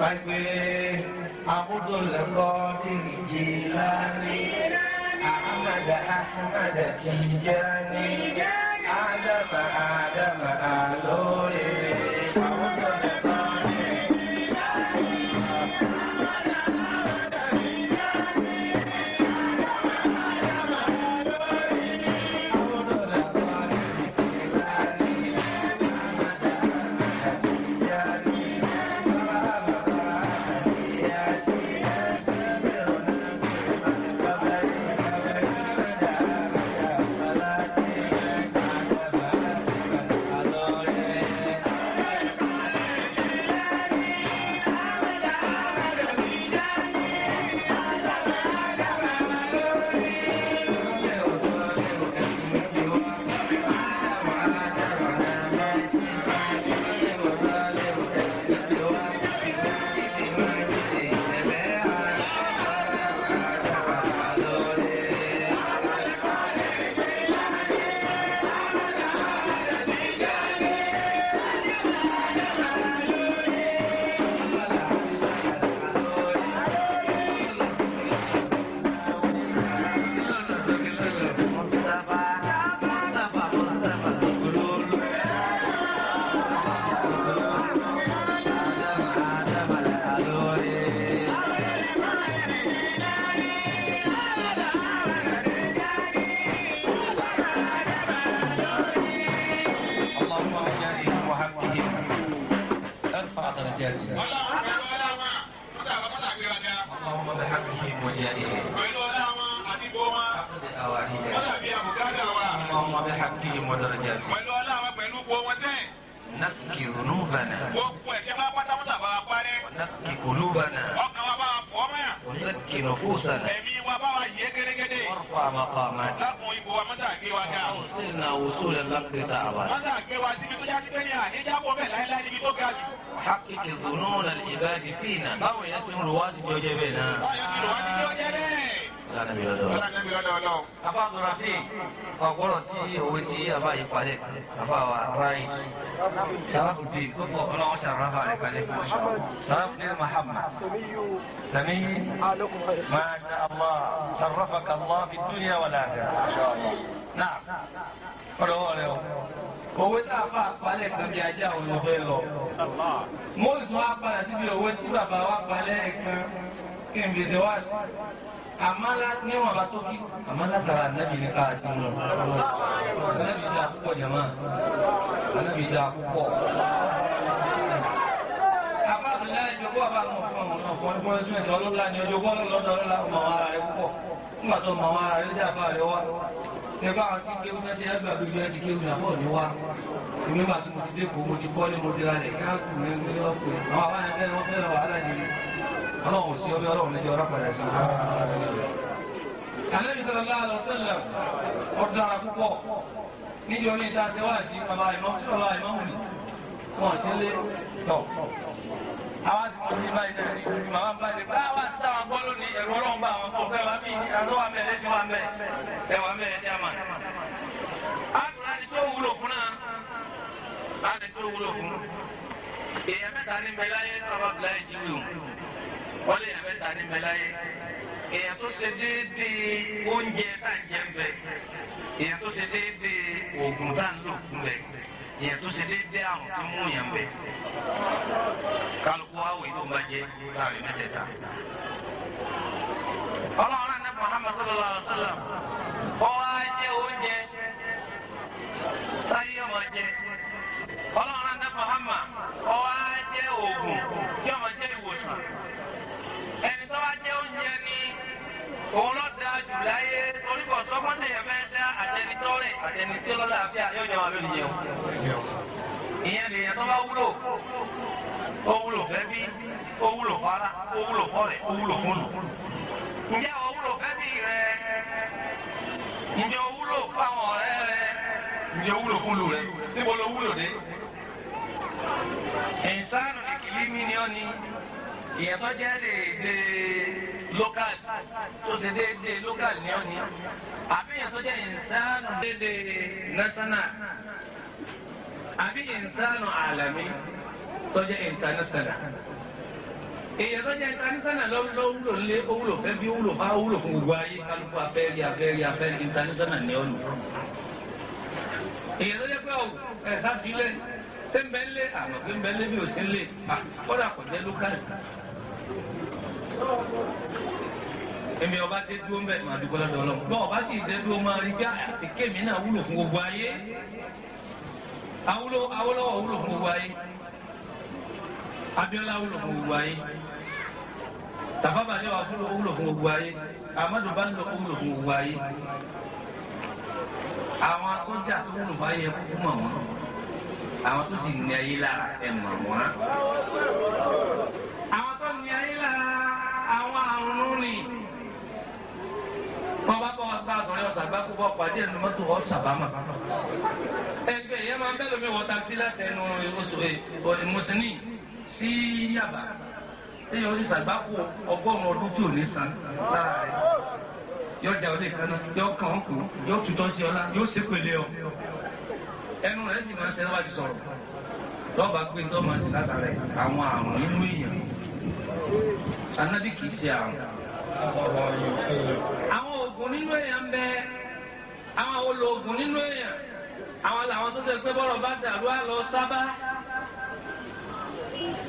gbàgbé abudulayi kìjì lánìí ahmed ahmed tìjani adama adama alóore. درجاتنا اللهم بحقهم وجائهم أقض أواهجهم اللهم بحقهم ودرجاتهم نقي ذنوبنا ونقي قلوبنا وزكي نفوسنا وارفع مقاماتنا وصلنا وصولا لك تعبا حقق ظنون العباد فينا báwo yẹn ti ń ro wájú bí ọjọ́ bẹ́ẹ̀ náà. Afa Abdulrafi ọ̀gbọ́rọ̀ tí òwe tí àbá yìí parẹ́ àbá wa ráyè. Sàràfùdì gbogbo ọlọ́wọ́ sàràfà rẹ̀ kalẹ̀ fún ọ̀ṣọ́. Sàràfùdì Muhammad Sami máa ṣe Allah sàràfà kàlá fi dúnyà wà láàbẹ̀. Náà, ọ̀rọ̀ wọ̀ rẹ̀ o owó tá a fà palẹ̀ kan bí ajá àwọn ọ̀fẹ́ lọ. mo tún á padà síbi owó tí bàbá wa palẹ̀ kan kí n fèsì wá sí. àmọ́ níwọ̀n bá sókè àmọ́ látara ànábì ní káà sí mú ànábì dá púpọ̀ jàmá ànábì dá púpọ̀. àbá àbúlá ìjọba àbá mọ̀ fún àwọn náà fún ọdún ẹgbẹ́ ìjọba ọlọ́lá ni ọjọ́ bọ́ọ̀lù lọ́dọ̀ ọlọ́lá mọ̀ ara rẹ̀ púpọ̀ nígbà tó mọ̀ ara rẹ̀ ẹgbẹ́ àwọn tí kéwú náà ti ẹgbẹ́ àdójú ẹ ti kéwú náà fọ́ ní wa nígbà tí mo ti dé kó mo ti kọ́ ní mo ti ralẹ̀ kí á kù ní ní ọ̀pọ̀ àwọn abáyẹn fẹ́ wọ́n fẹ́ràn wàhálà yìí ọlọ́run sí ọbẹ̀ ọlọ́run níjọ ọ̀rọ̀ padà sí wa. àlejò sọ̀rọ̀ láàlú sọ̀lẹ̀ ọ̀dára púpọ̀ níjọ́ ní ìta ṣe sí bàbá ìmọ̀ sí bàbá ìmọ̀ wù àwọn àti wọn ti báyìí náà rí ojú màmá báyìí bá wà táwọn gbọ́ lónìí ẹ̀rọ ọlọ́run bá àwọn ọ̀fẹ́ wa mí ìdáná wa mẹ́rin ẹ̀sìn wa mẹ́rin ẹ̀wà mẹ́rin ẹ̀sìn àmà. àtúrà ni tó wúlò fún náà á ní tó wúlò fún. èèyàn mẹ́ta ní mẹ́láyé tọ́ba bíláyé jí wù wọ́n lè yàn mẹ́ta ní mẹ́láyé. èèyàn tó ṣe déédéé oúnjẹ tá à ń jẹ ń èèyàn tó ṣe déédéé yẹn tó ṣe déédéé àrùn tó mú yẹn bẹ kálukú wa wò tó ń bá jẹ láàrin mẹ́tẹ̀ẹ̀ta. ọlọ́run náà ní muhammadu sallallahu alaihi wa sallam ọwọ́ ẹni tí ọlọ́lá àfíà yóò jẹ wọn lónìí yẹn o. ìyẹn lèèyàn tó bá wúlò ó wúlò fẹ́bí ó wúlò fara ó wúlò fọ́rẹ̀ ó wúlò fóònù. ǹjẹ́ àwọn wúlò fẹ́bí rẹ ǹjẹ́ o wúlò fáwọn ọ̀rẹ́ rẹ ǹjẹ́ o wúlò fúnlù rẹ níbo ló wúlò dé. ìsánù ìkìlí mi ni ó ní ìyẹn tó jẹ́ déédéé lókàl tó ṣe déédéé lókàl ni ó ní àbíyàn tó jẹ́ ìsánù dédé násánà àbí ìsánù àlàmí tó jẹ́ ìntánásánà èèyàn tó jẹ́ ìntánásánà ló wúlò nílé ó wúlò fẹ́ bí ó wúlò fá ó wúlò fún gbogbo ayé kálukú abẹ́rí abẹ́rí abẹ́rí ìntánásánà ní ọ̀nà èèyàn tó jẹ́ pé ọ̀ ẹ̀ sáfilẹ̀ ṣé ń bẹ́ ń lé àwọn pé ń bẹ́ ń lé bí ò sí lé kódà kò lókàlì èmi ọba tẹ dúró mbẹ màá dúpẹ́ lọ́dọ̀ ọlọ́run bọ́n ọba sì tẹ dúró máa rí gbá àti ah, kémi náà wúlò fún gbogbo ayé Awólọ́wọ̀ wúlò fún gbogbo ayé Abíọ́lá wúlò fún gbogbo ayé Tafawa Balewa wúlò fún gbogbo ayé Amadu Bello wúlò fún gbogbo ayé àwọn sójà tó wúlò fún ayé ẹ kúkú mọ̀ àwọn tó sì ní ayé lára ẹ mọ̀ àwọn tó ní ayé lára. bá kú bọ́ pàdé ẹnu mọ́tò ọ̀ sàbámà. ẹgbẹ́ yẹn máa ń bẹ́ẹ̀ lómi wọ takisí láti ẹnu oṣù mùsùlùmí eh, sí yàbá téèyàn sì sàgbákò ọgọ́rùn-ún ọdún tí ò ní san láàárín yóò jà ọ lè kaná yóò kàn ọ́ kùn yóò tutọ́ sí ọ lá yóò ṣépele ọ ẹnu rẹ̀ sì máa ń ṣẹlẹ̀ wájú sọ̀rọ̀ lọ́ba pé ń tọ́ máa ń ṣe látàrẹ àwọn àrùn inú èèyàn anábì kì í ṣe àrùn àwọn oògùn nínú èèyàn ń bẹ àwọn olóògùn nínú èèyàn àwọn làwọn tó tẹ pé bọ́rọ̀ bá dàrú àlọ sábà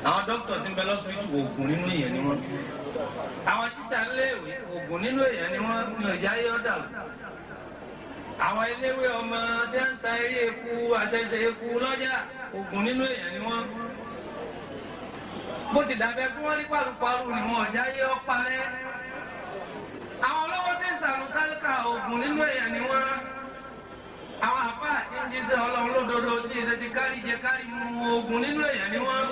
àwọn dókítà ti ń bẹ lọ́sọ̀tù oògùn nínú èèyàn ni wọ́n àwọn títà léèwé oògùn nínú èèyàn ni wọ́n ní ọjà yọ dàrú àwọn eléwé ọmọ tẹ́ ń ta eré eku àtẹ̀sẹ̀ eku lọ́jà oògùn nínú èèyàn ni wọ́n bó ti dàbẹ́ fún wọn ní pàrùpàrù ni wọn ọjà yọ parẹ́ àwọn olówó tí ń sàlùtálíkà oògùn nínú èèyàn ni wọ́n àwọn àbá àti jíṣẹ́ ọlọ́run lódodo tí ìṣe ti kárí jẹ kárí mu oògùn nínú èèyàn ni wọ́n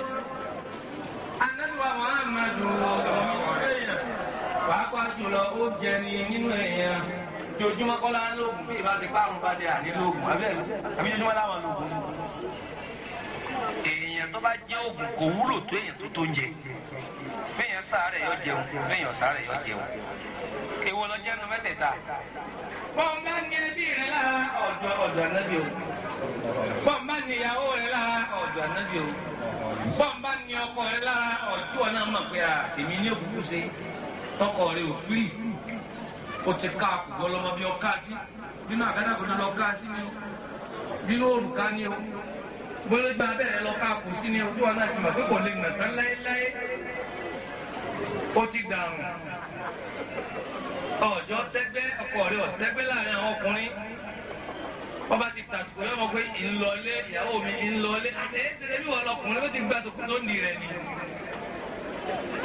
anábìwá wọn á máa dùn oògùn nínú èèyàn pàápàá jùlọ ó jẹ ni nínú èèyàn jojúmọ́ kọ́lá lóògùn bí ìbá ti párun bá dé àní lóògùn àbí jojúmọ́ láwọn lóògùn èèyàn tó bá jẹ́ oògùn kò wúlò tó èèyàn tó tó ń jẹ bẹ́yàn sáré yóò jẹun bẹ́yàn sáré yóò jẹun èwo lọ jẹ́nu mẹ́tẹ̀ẹ̀ta. bọ́ńbà ń yẹ bí rẹ la ọ̀dọ̀ ọ̀dọ̀ ànábì o bọ́ńbà ń ìyàwó rẹ la ọ̀dọ̀ ànábì o bọ́ńbà ń ọkọ rẹ la ọ̀dọ̀ náà mọ̀ pé èmi ní òkúkú ṣe tọkọ rẹ ò fírì o ti ká àkùkọ lọmọ bí ọká sí nínú àgádágodo lọ ká sí ni nínú òrùka ni o bọ́lá gba abẹ́rẹ́ lọ ká àkùkù sí ni ojú wa náà ti mọ̀ pé kò lè gbẹ̀tán láéláé ó ti dàrún ọjọ́ tẹ́gbẹ́ ọkọ rẹ̀ ọ̀tẹ́gbẹ́ láàrin àwọn ọkùnrin wọ́n bá ti tàsùkò lọ́wọ́ pé ńlọlé ìyàwó mi ńlọlé àtẹ̀yẹsẹ̀rẹ̀ bí wọ́n lọkùnrin ó ti gba tòkù tó nì rẹ̀ ni.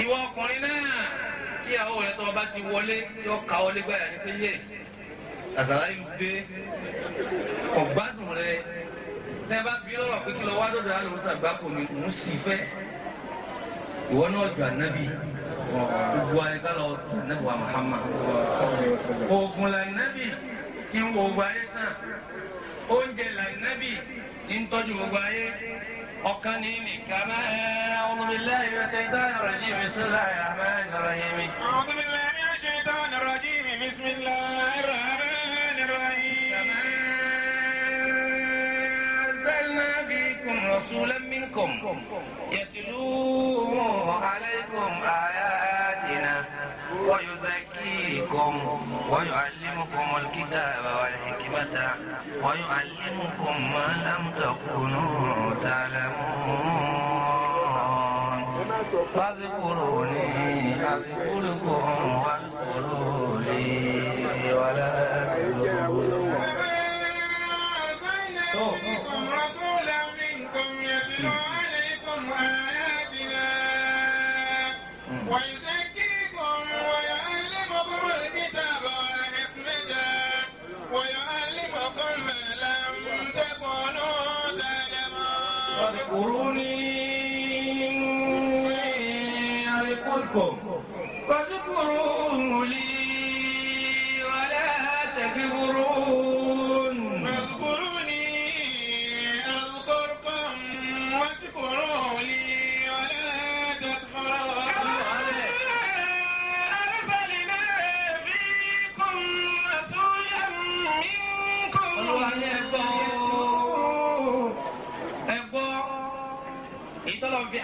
ìwọ ọkùnrin náà tí ìyàwó rẹ̀ tó bá ti wọlé yọ ká ọ lẹ́gbàá ní pé yé àzàrà ìlú dé ọ̀gbádùn rẹ̀ tẹ́ bá bí lọ́rọ̀ pé kí lọ wá dọ̀dọ̀ àlùmọ́sà gbáko ni òun sì fẹ́ ìwọ náà jọ ànábì gbogbo ayé ká lọ anabi wa Muhammad oògùn la nabi tí ń wo gbogbo sàn oúnjẹ la nabi tí ń tọ́jú gbogbo ayé ọ̀kan ní nìkan mẹ́ẹ̀ẹ́ ọmọ mi lẹ́yìn ẹsẹ̀ ìdáhùn rẹ̀ jí mi sílẹ̀ àmẹ́ ìdáhùn rẹ̀ yé mi. ọmọ mi lẹ́yìn ẹsẹ̀ ìdáhùn jí mi bísí mi lẹ́yìn rẹ̀. أرسلنا بكم رسولا منكم يتلو عليكم آياتنا ويزكيكم ويعلمكم الكتاب والحكمة ويعلمكم ما لم تكونوا تعلمون فاذكروني أذكركم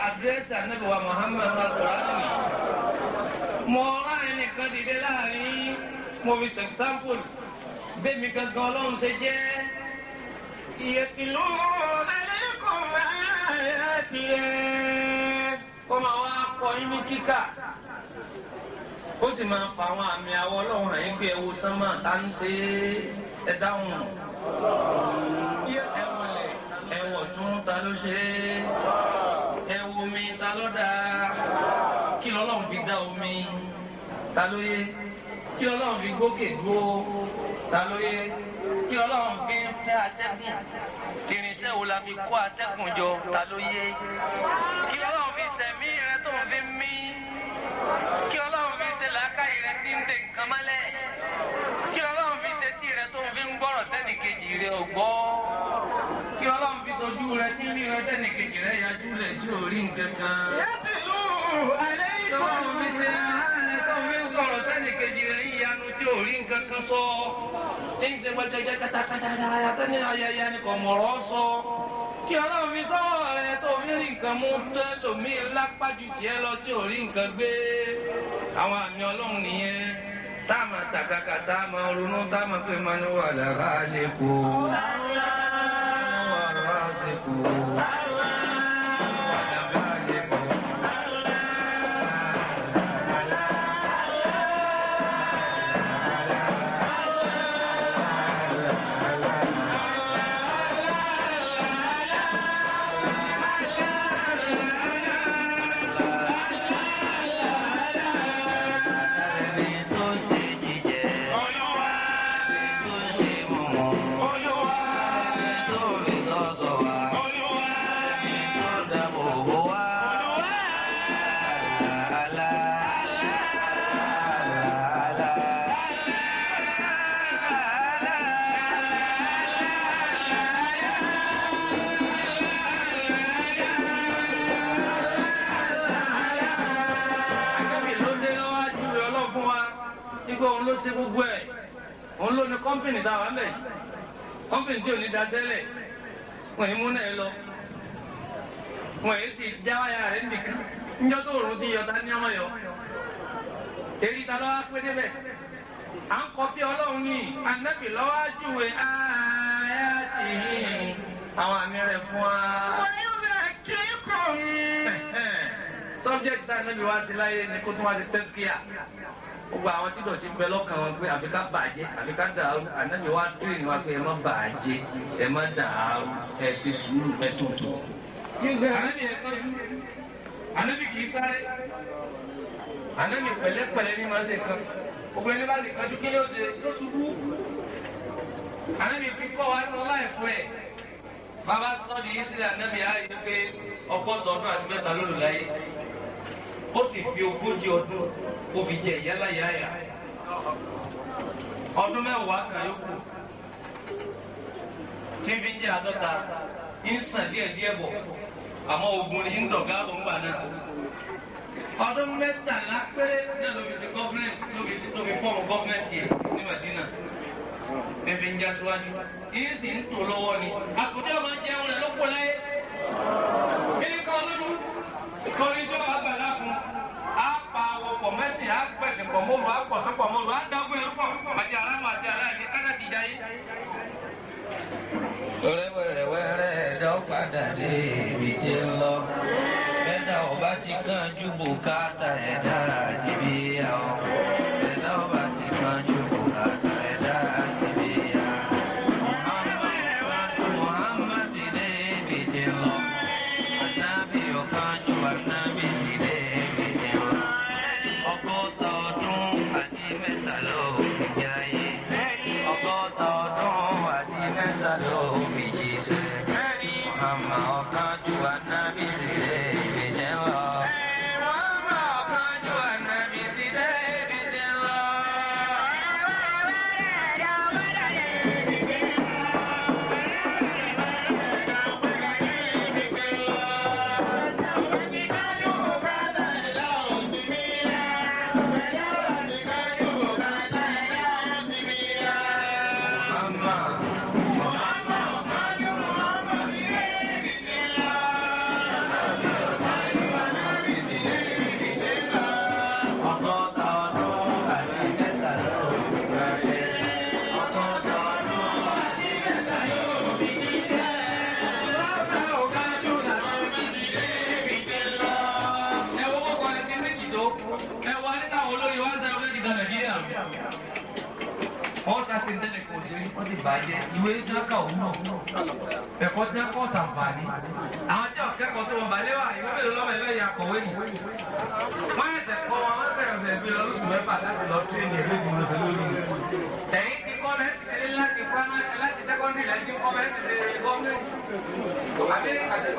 àdírẹ́sì ànábì wa Muhammad alukóraní mọ ọ̀rá ẹnìkan dìde láàrin mo fi sọ example bẹ́ẹ̀ mi gangan ọlọ́run ṣe jẹ́ ìyẹ̀tìlú ẹlẹ́kọ̀ọ́ ẹ̀yà tiẹ̀ kó máa wá kọ inú kíkà ó sì máa fa àwọn àmì àwọ ọlọ́run àyè pé ẹwo sánmà tá ń ṣe ẹ dáhùn ẹwọlẹ ẹwọ tún ta ló ṣe é dáa kí lọ́lọ́run fi dá omi ta ló yé kí lọ́lọ́run fi gbókè dúró ta ló yé kí ọlọ́run fi ń fẹ́ atẹ́kùn irinṣẹ́ wo la fi kó atẹ́kùn jọ ta ló yé kí ọlọ́run fi sẹ̀mí rẹ tó ń fi mí kí ọlọ́run fi ṣe làákàyè rẹ tí ń de nǹkan mọ́lẹ̀ kí ọlọ́run fi ṣe tí rẹ tó ń fi ń gbọ́rọ̀ tẹ́nìkejì rẹ ò gbọ́ kí ọlọ́run fi rẹ tí ń ríran tẹ́nì kejì rẹ yájú lẹ̀ tí ò rí nǹkan kan. yàtì lù alẹ́ ìkọ́ ọ̀run mi ṣe tó fi ń sọ̀rọ̀ tẹ́nì kejì rẹ yíyanu tí ò rí nǹkan kan sọ. tí ń ṣe gbẹdẹgbẹ katakata yàrá tẹ́ni ayẹyẹ ni kò mọ̀rọ̀ sọ. kí ọlọ́run fi sọ́wọ́ rẹ tó fi rí nǹkan mú tẹ́ lómi lápájù tiẹ̀ lọ tí ò Thank you. kọ́mpìnì tá a wà ń bẹ̀ kọ́mpìnì tí ò ní dasẹ́lẹ̀ wọ́n yìí mú náà lọ wọ́n yìí sì já wáyà rẹ̀ nìkan níjọ́ tó òrùn ti yọ ta ní ọmọ yọ èyí ta lọ́wọ́ pé débẹ̀ à ń kọ́ bí ọlọ́run ní anábì lọ́wọ́ júwe ayá ti àwọn àmì rẹ̀ fún wa. wọ́n yóò rẹ̀ kíkùn. wá sí láyé ni kó wá sí tẹ́síkìá gbogbo àwọn tí dọ̀tí ń bẹ lọ́kàn wọn pé àfi ká bàjẹ́ àfi ká dàrú ànábì wa tírì wa pé ẹ má bàjẹ́ ẹ má dàrú ẹ ṣe sùúrù ẹ tuntun. ànábì ẹ tọ́jú ànábì kì í sáré ànábì pẹ̀lẹ́pẹ̀lẹ́ ní màá ṣe kan gbogbo ẹni bá lè kanjú kí yóò ṣe ló ṣubú ànábì fi wa lọ láìfọ́ ẹ̀ bàbá sọ́ọ́ yìí sílẹ̀ ànábì á pé ọkọ̀ tọ́dún àti mẹ́ta lónìí láyé ó sì fi ogójì ọdún ó fi jẹ ìyáláyàáyà ọdún mẹ́wàá kan yókù tí fi jẹ àádọ́ta ń sàn díẹ̀ díẹ̀ bọ̀ àmọ́ ogun ni ń dọ̀gá òun gbà náà ọdún mẹ́tàlá péré náà ló fi ṣe gọ́fúnẹ̀tì ló fi ṣe tó fi fọ́ọ̀mù gọ́fúnẹ̀tì ẹ̀ ní Madina ẹ̀fí ń já síwájú yìí sì ń tò lọ́wọ́ ni àkùdé ọmọ jẹun rẹ̀ ló kó láyé kí ni kọ́ ọlọ́dún torí tó bá bàlá fún á pa àwọn pọ̀ mẹ́sìn á pẹ̀sìn pọ̀ mọ́lu á pọ̀sán pọ̀ mọ́lu á dágbé ẹrú pọ̀ àti aráàlú àti aráàlú kádà ti jayé. wẹ́rẹ́wẹ́rẹ́ dán padà dé ibi tí ń lọ bẹ́ẹ̀ náà ọba ti kánjú bùkátà ẹ̀dá àti bíyà ọmọ. ṣe tẹ́lẹ̀ kò ṣe ó sì bàjẹ́ ìwé tí wọ́n kà òun náà ẹ̀kọ́ tí wọ́n kọ́ sàǹfààní. àwọn tí wọ́n kẹ́kọ̀ọ́ tó wọn balẹ̀ wà ìwé mélòó lọ́mọ ẹ̀fẹ́ yà kọ̀wé nì. wọ́n ẹ̀sẹ̀ kọ́ wọn wọ́n fẹ̀rẹ̀ fẹ̀ gbé lọ lóṣù mẹ́fà láti lọ tún ènìyàn lójú lóṣù lórí. ẹ̀yin ti kọ́ mẹ́tìlélẹ́ láti sẹ́kọ́ndì lẹ́yìn kọ́ mẹ́tìlélẹ́ gọ́ọ̀mẹ́ntì àbí àṣẹ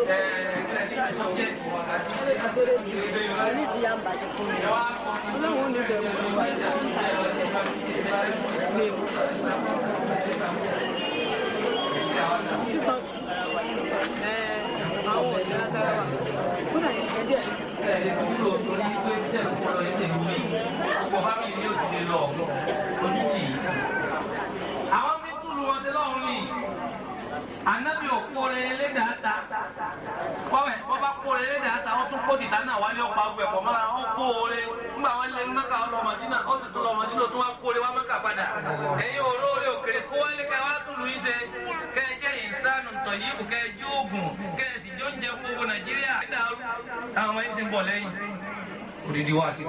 sísan àwọn ọ̀dọ́ agbára wa kódà ẹgbẹ́ ẹ̀ wúlò torí pé tẹ̀sán ẹ̀ṣẹ̀ ìwé ọkọ̀ bá mi ní òsì lè lọ ojútì yìí. ànábì ò kóore ẹlẹ́dàá ta kọ́mẹ̀ kọ́ba kóore ẹlẹ́dàá ta ó tún kó dìda náà wálé ọ̀pá gbẹ̀ pọ̀ mọ́ra ó kóore ńgbà wọn lé mẹ́ka ọlọ́mọdínà ó sì tún lọ́mọdínà tó wá kóore wá mẹ́ka padà ẹ̀yin olóore òkèrè kó wálé ká wá tún lùú ṣe kẹ́ ẹ jẹ́ ìsánù tọ̀ yìí kò kẹ́ ẹ jí oògùn kẹ́ ẹ sì jẹ́ oúnjẹ gbogbo Nàìjíríà àwọn ẹ̀sìn bọ̀ lẹ́yìn òdìdí wá sí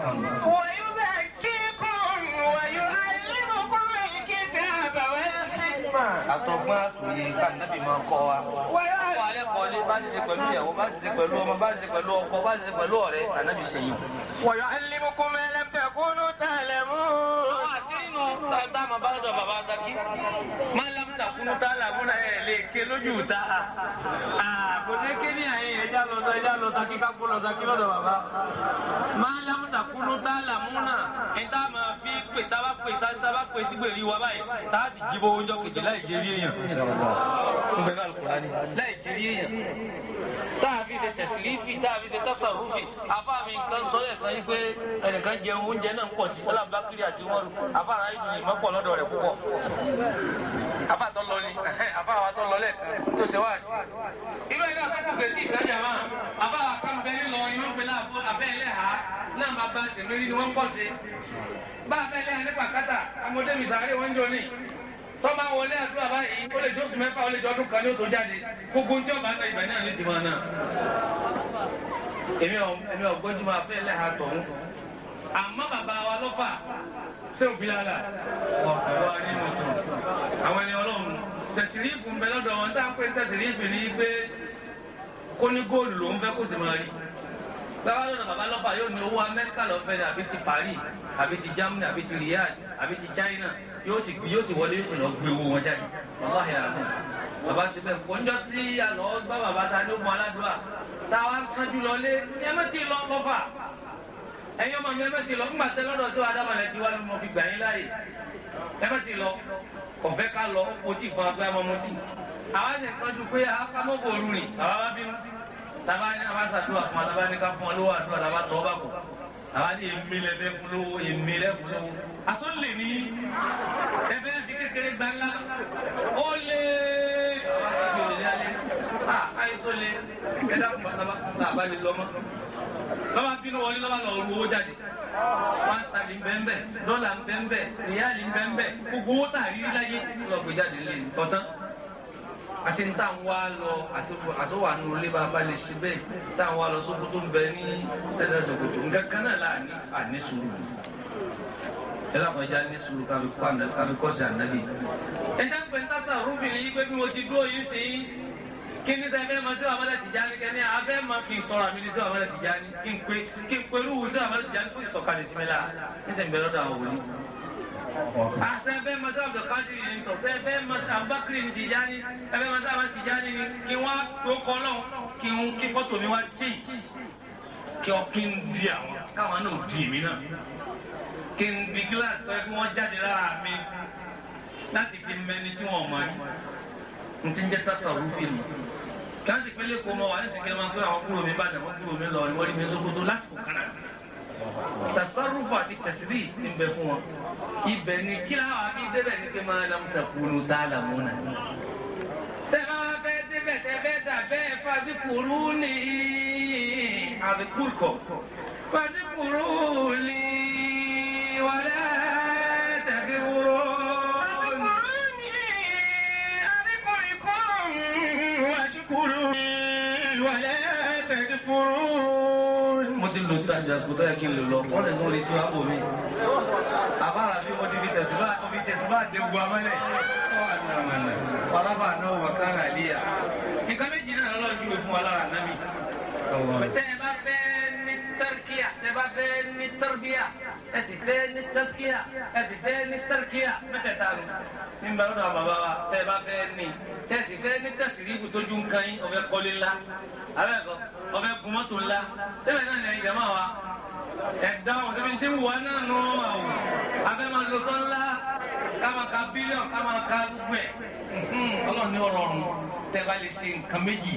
hikima. àtọgbọ́n àtòyè kànábì máa kọ́ wa. wọ́n alẹ́ kọ́ ni bá ti ṣe pẹ̀lú ìyàwó bá ti ṣe pẹ̀lú ọmọ bá ti ṣe pẹ̀lú ọkọ bá ti ṣe pẹ̀lú ọ̀rẹ́ kànábì ṣe yìí. wọ̀yọ̀ ẹlẹ́mukú mẹ́lẹ́mẹ́ kúnú tàlẹ̀ mú. àwọn àṣírí nù táwọn bá dọ̀ bàbá Zaki máa ń lámúta kúnú pé sígbèrí wa báyìí tá a sì jíbọ oúnjẹ kejì láì jẹ́rí èèyàn tún bẹ́ẹ̀ lọ́ọ́ kúránì láì jẹ́rí èèyàn tá a fi ṣe tẹ̀sílífì tá a fi ṣe tásàrúfì afá mi kan sọ ẹ̀ kan yí pé ẹnìkan jẹ oúnjẹ náà ń pọ̀ sí ọlá bákìrì àti wọn afá ara yìí yìí mọ́pọ̀ lọ́dọ̀ rẹ̀ púpọ̀ afá tó lọ ni afá wa tó lọ lẹ̀ tó ṣe wá sí. irú ẹ̀dá tó kù kẹ̀sí ìtajà máa afá wa kan bẹ́ẹ̀ lọ inú pẹ̀lú àbẹ́ bá a fẹ́ lẹ́yìn nípa kátà amọ̀dé mi sàárè wọ́n ń jọ ní tọ́ba wọlé àdúrà báyìí ó lè jọ oṣù mẹ́fà ó lè jọ ọdún kan ní ó tó jáde gbogbo ń jọba náà ìbẹ̀ náà ní tìmọ̀ náà. èmi ò èmi ò gbójú máa fẹ́ lẹ́hà tọ̀hún àmọ́ bàbá wa lọ́fà ṣé òbí lára ọ̀tọ̀ wa ní mọ̀tò àwọn ẹni ọlọ́run tẹ̀síríìfù ń bẹ lọ́dọ̀ wọn táwọn pé tẹ̀síríìfù ní pé kó ní góòlù lòún fẹ́ kó sì máa rí bàbá lọ́nà bàbá lọ́fà yóò ní owó amẹ́ríkà lọ́fẹ́ ni àbí ti paris àbí ti germany àbí ti riyadh àbí ti china yóò sì yóò sì wọlé yóò sì lọ gbé owó wọn jáde bàbá yẹn àti bàbá ṣe bẹ́ẹ̀ kọ́njọ́ tí àlọ́ gbá bàbá ta ní ogun aládùúrà táwa ń kánjú lọ lé ní ẹ mẹ́tì lọ lọ́fà ẹ̀yin ọmọ mi ẹ mẹ́tì lọ ńgbà tẹ lọ́dọ̀ sí wa dábàlẹ̀ tí wà ló mọ fi gbà yín láàyè ẹ mẹ́tì lọ ọ̀fẹ́ ká lọ ó ti fún agbẹ́ amọ́mọ́tì àwa ṣe kánjú pé àkàmọ́gbò rúrin bàbá bá bínú tàbá ní abáṣà tó àfún wa tàbá ní ká fún wa lówó àdúrà tàbá tọ́ ọ bá kù tàbá ní èmi lẹ́fẹ́ fún lówó èmi lẹ́fún lówó. àsọ̀lè ní ẹ̀fẹ́ fi kékeré gbà ńlá ó lé àìsàn lé ẹ̀dá fún bàtàbà tá a bá lè lọ́mọ. lọ́wọ́ bínú wọlé lọ́wọ́ lọ rú owó jáde. wọ́n sàbí bẹ́ńbẹ́ dọ́là bẹ́ńbẹ́ ìyáàlì bẹ́ńbẹ́ gbogbo owó tàrí láyé lọ́gbẹ̀jáde lé ọ̀tán àṣẹ ní táwọn wá lọ àṣọwàánu ilé bàbá lè ṣe bẹ́ẹ̀ táwọn wá lọ sóko tó ń bẹ ní ẹsẹ̀ ṣòkòtò nǹkan kan náà láàní àní sùúrù ẹlẹ́ àwọn ẹja ní sùúrù kábi kọ́ kábi kọ́ sí ànábì. ẹ jẹ́ pé tásà rúbìnrin yìí pé bí mo ti dúró yìí sí kí ní sẹ́fẹ́ máa sí àmọ́lẹ̀ Tìjání kẹ́ni abẹ́ máa kí n sọ̀rọ̀ àmì ní sí àmọ́lẹ̀ Tìjání kí n pé kí n pé lúwù sí àmọ́lẹ̀ Tìjání kó ìsọ̀kalẹ̀ sí mi láà ní sẹ́ńbẹ́ lọ́dọ̀ àwọn wòlíì àṣẹ fẹ́ mọ́sá abdulkadir yìí ń tọ̀ ṣe fẹ́ mọ́sá abakiri ń Tijani ẹ fẹ́ mọ́sá abá Tijani ni kí wọ́n tó kọ́ náà kí n kí fọ́tò mi wá tíì kí ọ kí n di àwọn káwọn náà di èmi náà kí n di gíláàsì tó yẹ kí wọ́n jáde lára mi láti fi mẹ́ni tí wọ́n mọ̀ ní n ti ń jẹ́ tásọ̀rù fíìmù kí wọ́n sì pélé kó mọ wà ní sèké máa ń pé àwọn kúrò mi bàjẹ́ wọ́n kúrò mi lọ ìwọ́n ní mi tó kótó lásìkò kan náà. تصرفات التسبيح من بفوم ابن كلا عبيد بني كما لم تكونوا تعلمون تبابت بتبت بفا ذكروني اذكركم فاذكروني ولا ولا ti lò tájà sùkúta yẹ kí n lò lọ wọn lè tún lè tún àpò mi àbára bí mo ti fi tẹ̀síbá fi tẹ̀síbá dé gbogbo amẹ́lẹ̀ ọlọ́ba náà wà kára àlíyà nǹkan méjì náà lọ́ọ́ ju fún wa lára námi pẹ̀tẹ́ ẹ bá fẹ́ ní tẹ́rkíà ẹ bá fẹ́ ní tẹ́rbíà ẹ sì fẹ́ ní tẹ́skíà ẹ sì fẹ́ ní tẹ́rkíà mẹ́tẹ̀ẹ̀ta lọ nígbà lọ́dọ̀ àwọn bàbá wa tẹ́ ẹ bá fẹ́ ní tẹ́sí fẹ́ ní tẹ́sí rí ibùdójú nǹkan yín ọ̀fẹ́ kọ́lé ńlá abẹ́ẹ̀kọ́ ọ̀fẹ́ gun mọ́tò ńlá tẹ́lẹ̀ náà lẹ́yìn jàmá wa ẹ̀dá wọn tẹ́lẹ̀ tí wọ́n náà nù àwọn abẹ́ máa lọ sọ ńlá ká ka bílíọ̀n ká ka gbogbo ẹ̀ hmm, ọlọ́ọ̀ni ọ̀rọ̀ ọ̀run bá lè ṣe nǹkan méjì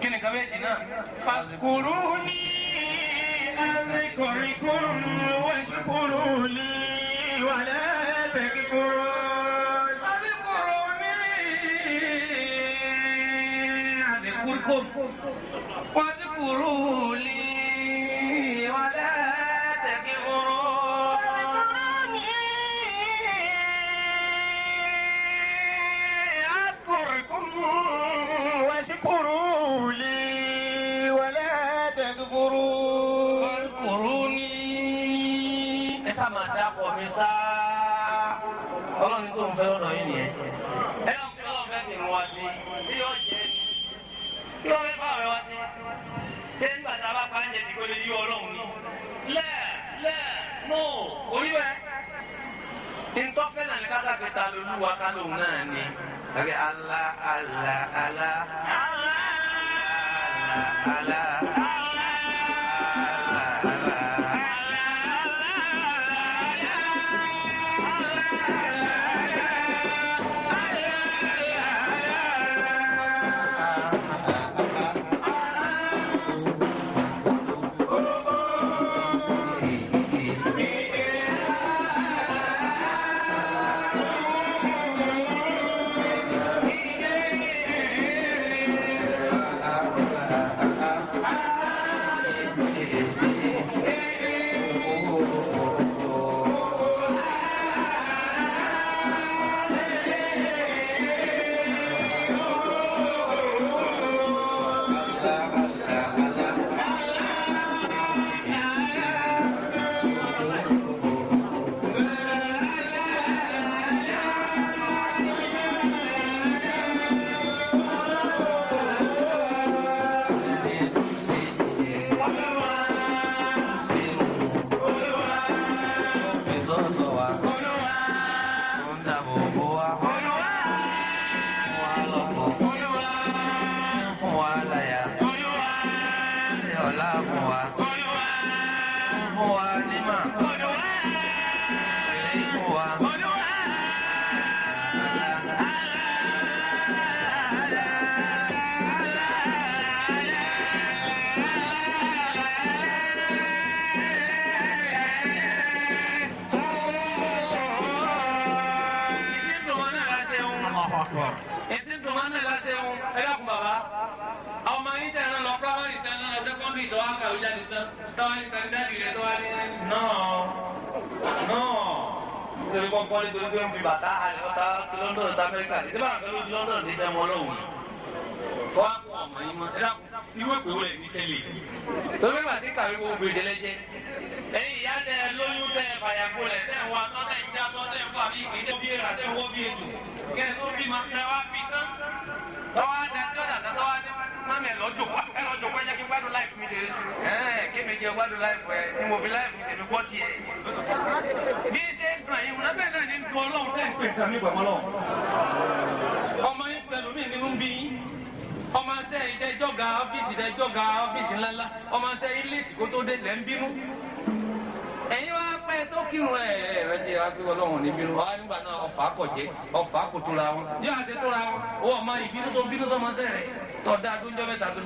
kí ni nǹkan méjì náà. fàṣukùrù ní àzẹkùrìkùrù wàṣukùrù ní wàlẹ́ tẹ̀kíkùrù. منكم واذكروا لي ولا تكفروني أذكركم واشكروا لي ولا تكفرون واذكروني ẹ sáà máa dápọ̀ mi sáà ọlọ́run tó ń fẹ́ lọ́dọ̀ yìí nìyẹn. lè yí ọlọ́run ní. lẹ́ẹ̀ lẹ́ẹ̀ nù oníwẹ̀. ntọ́fẹ́ náà ní kátà fi ta lóluwa kálóhùn náà ni. ala ala ala ala ala.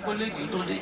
kó lè jì tó lè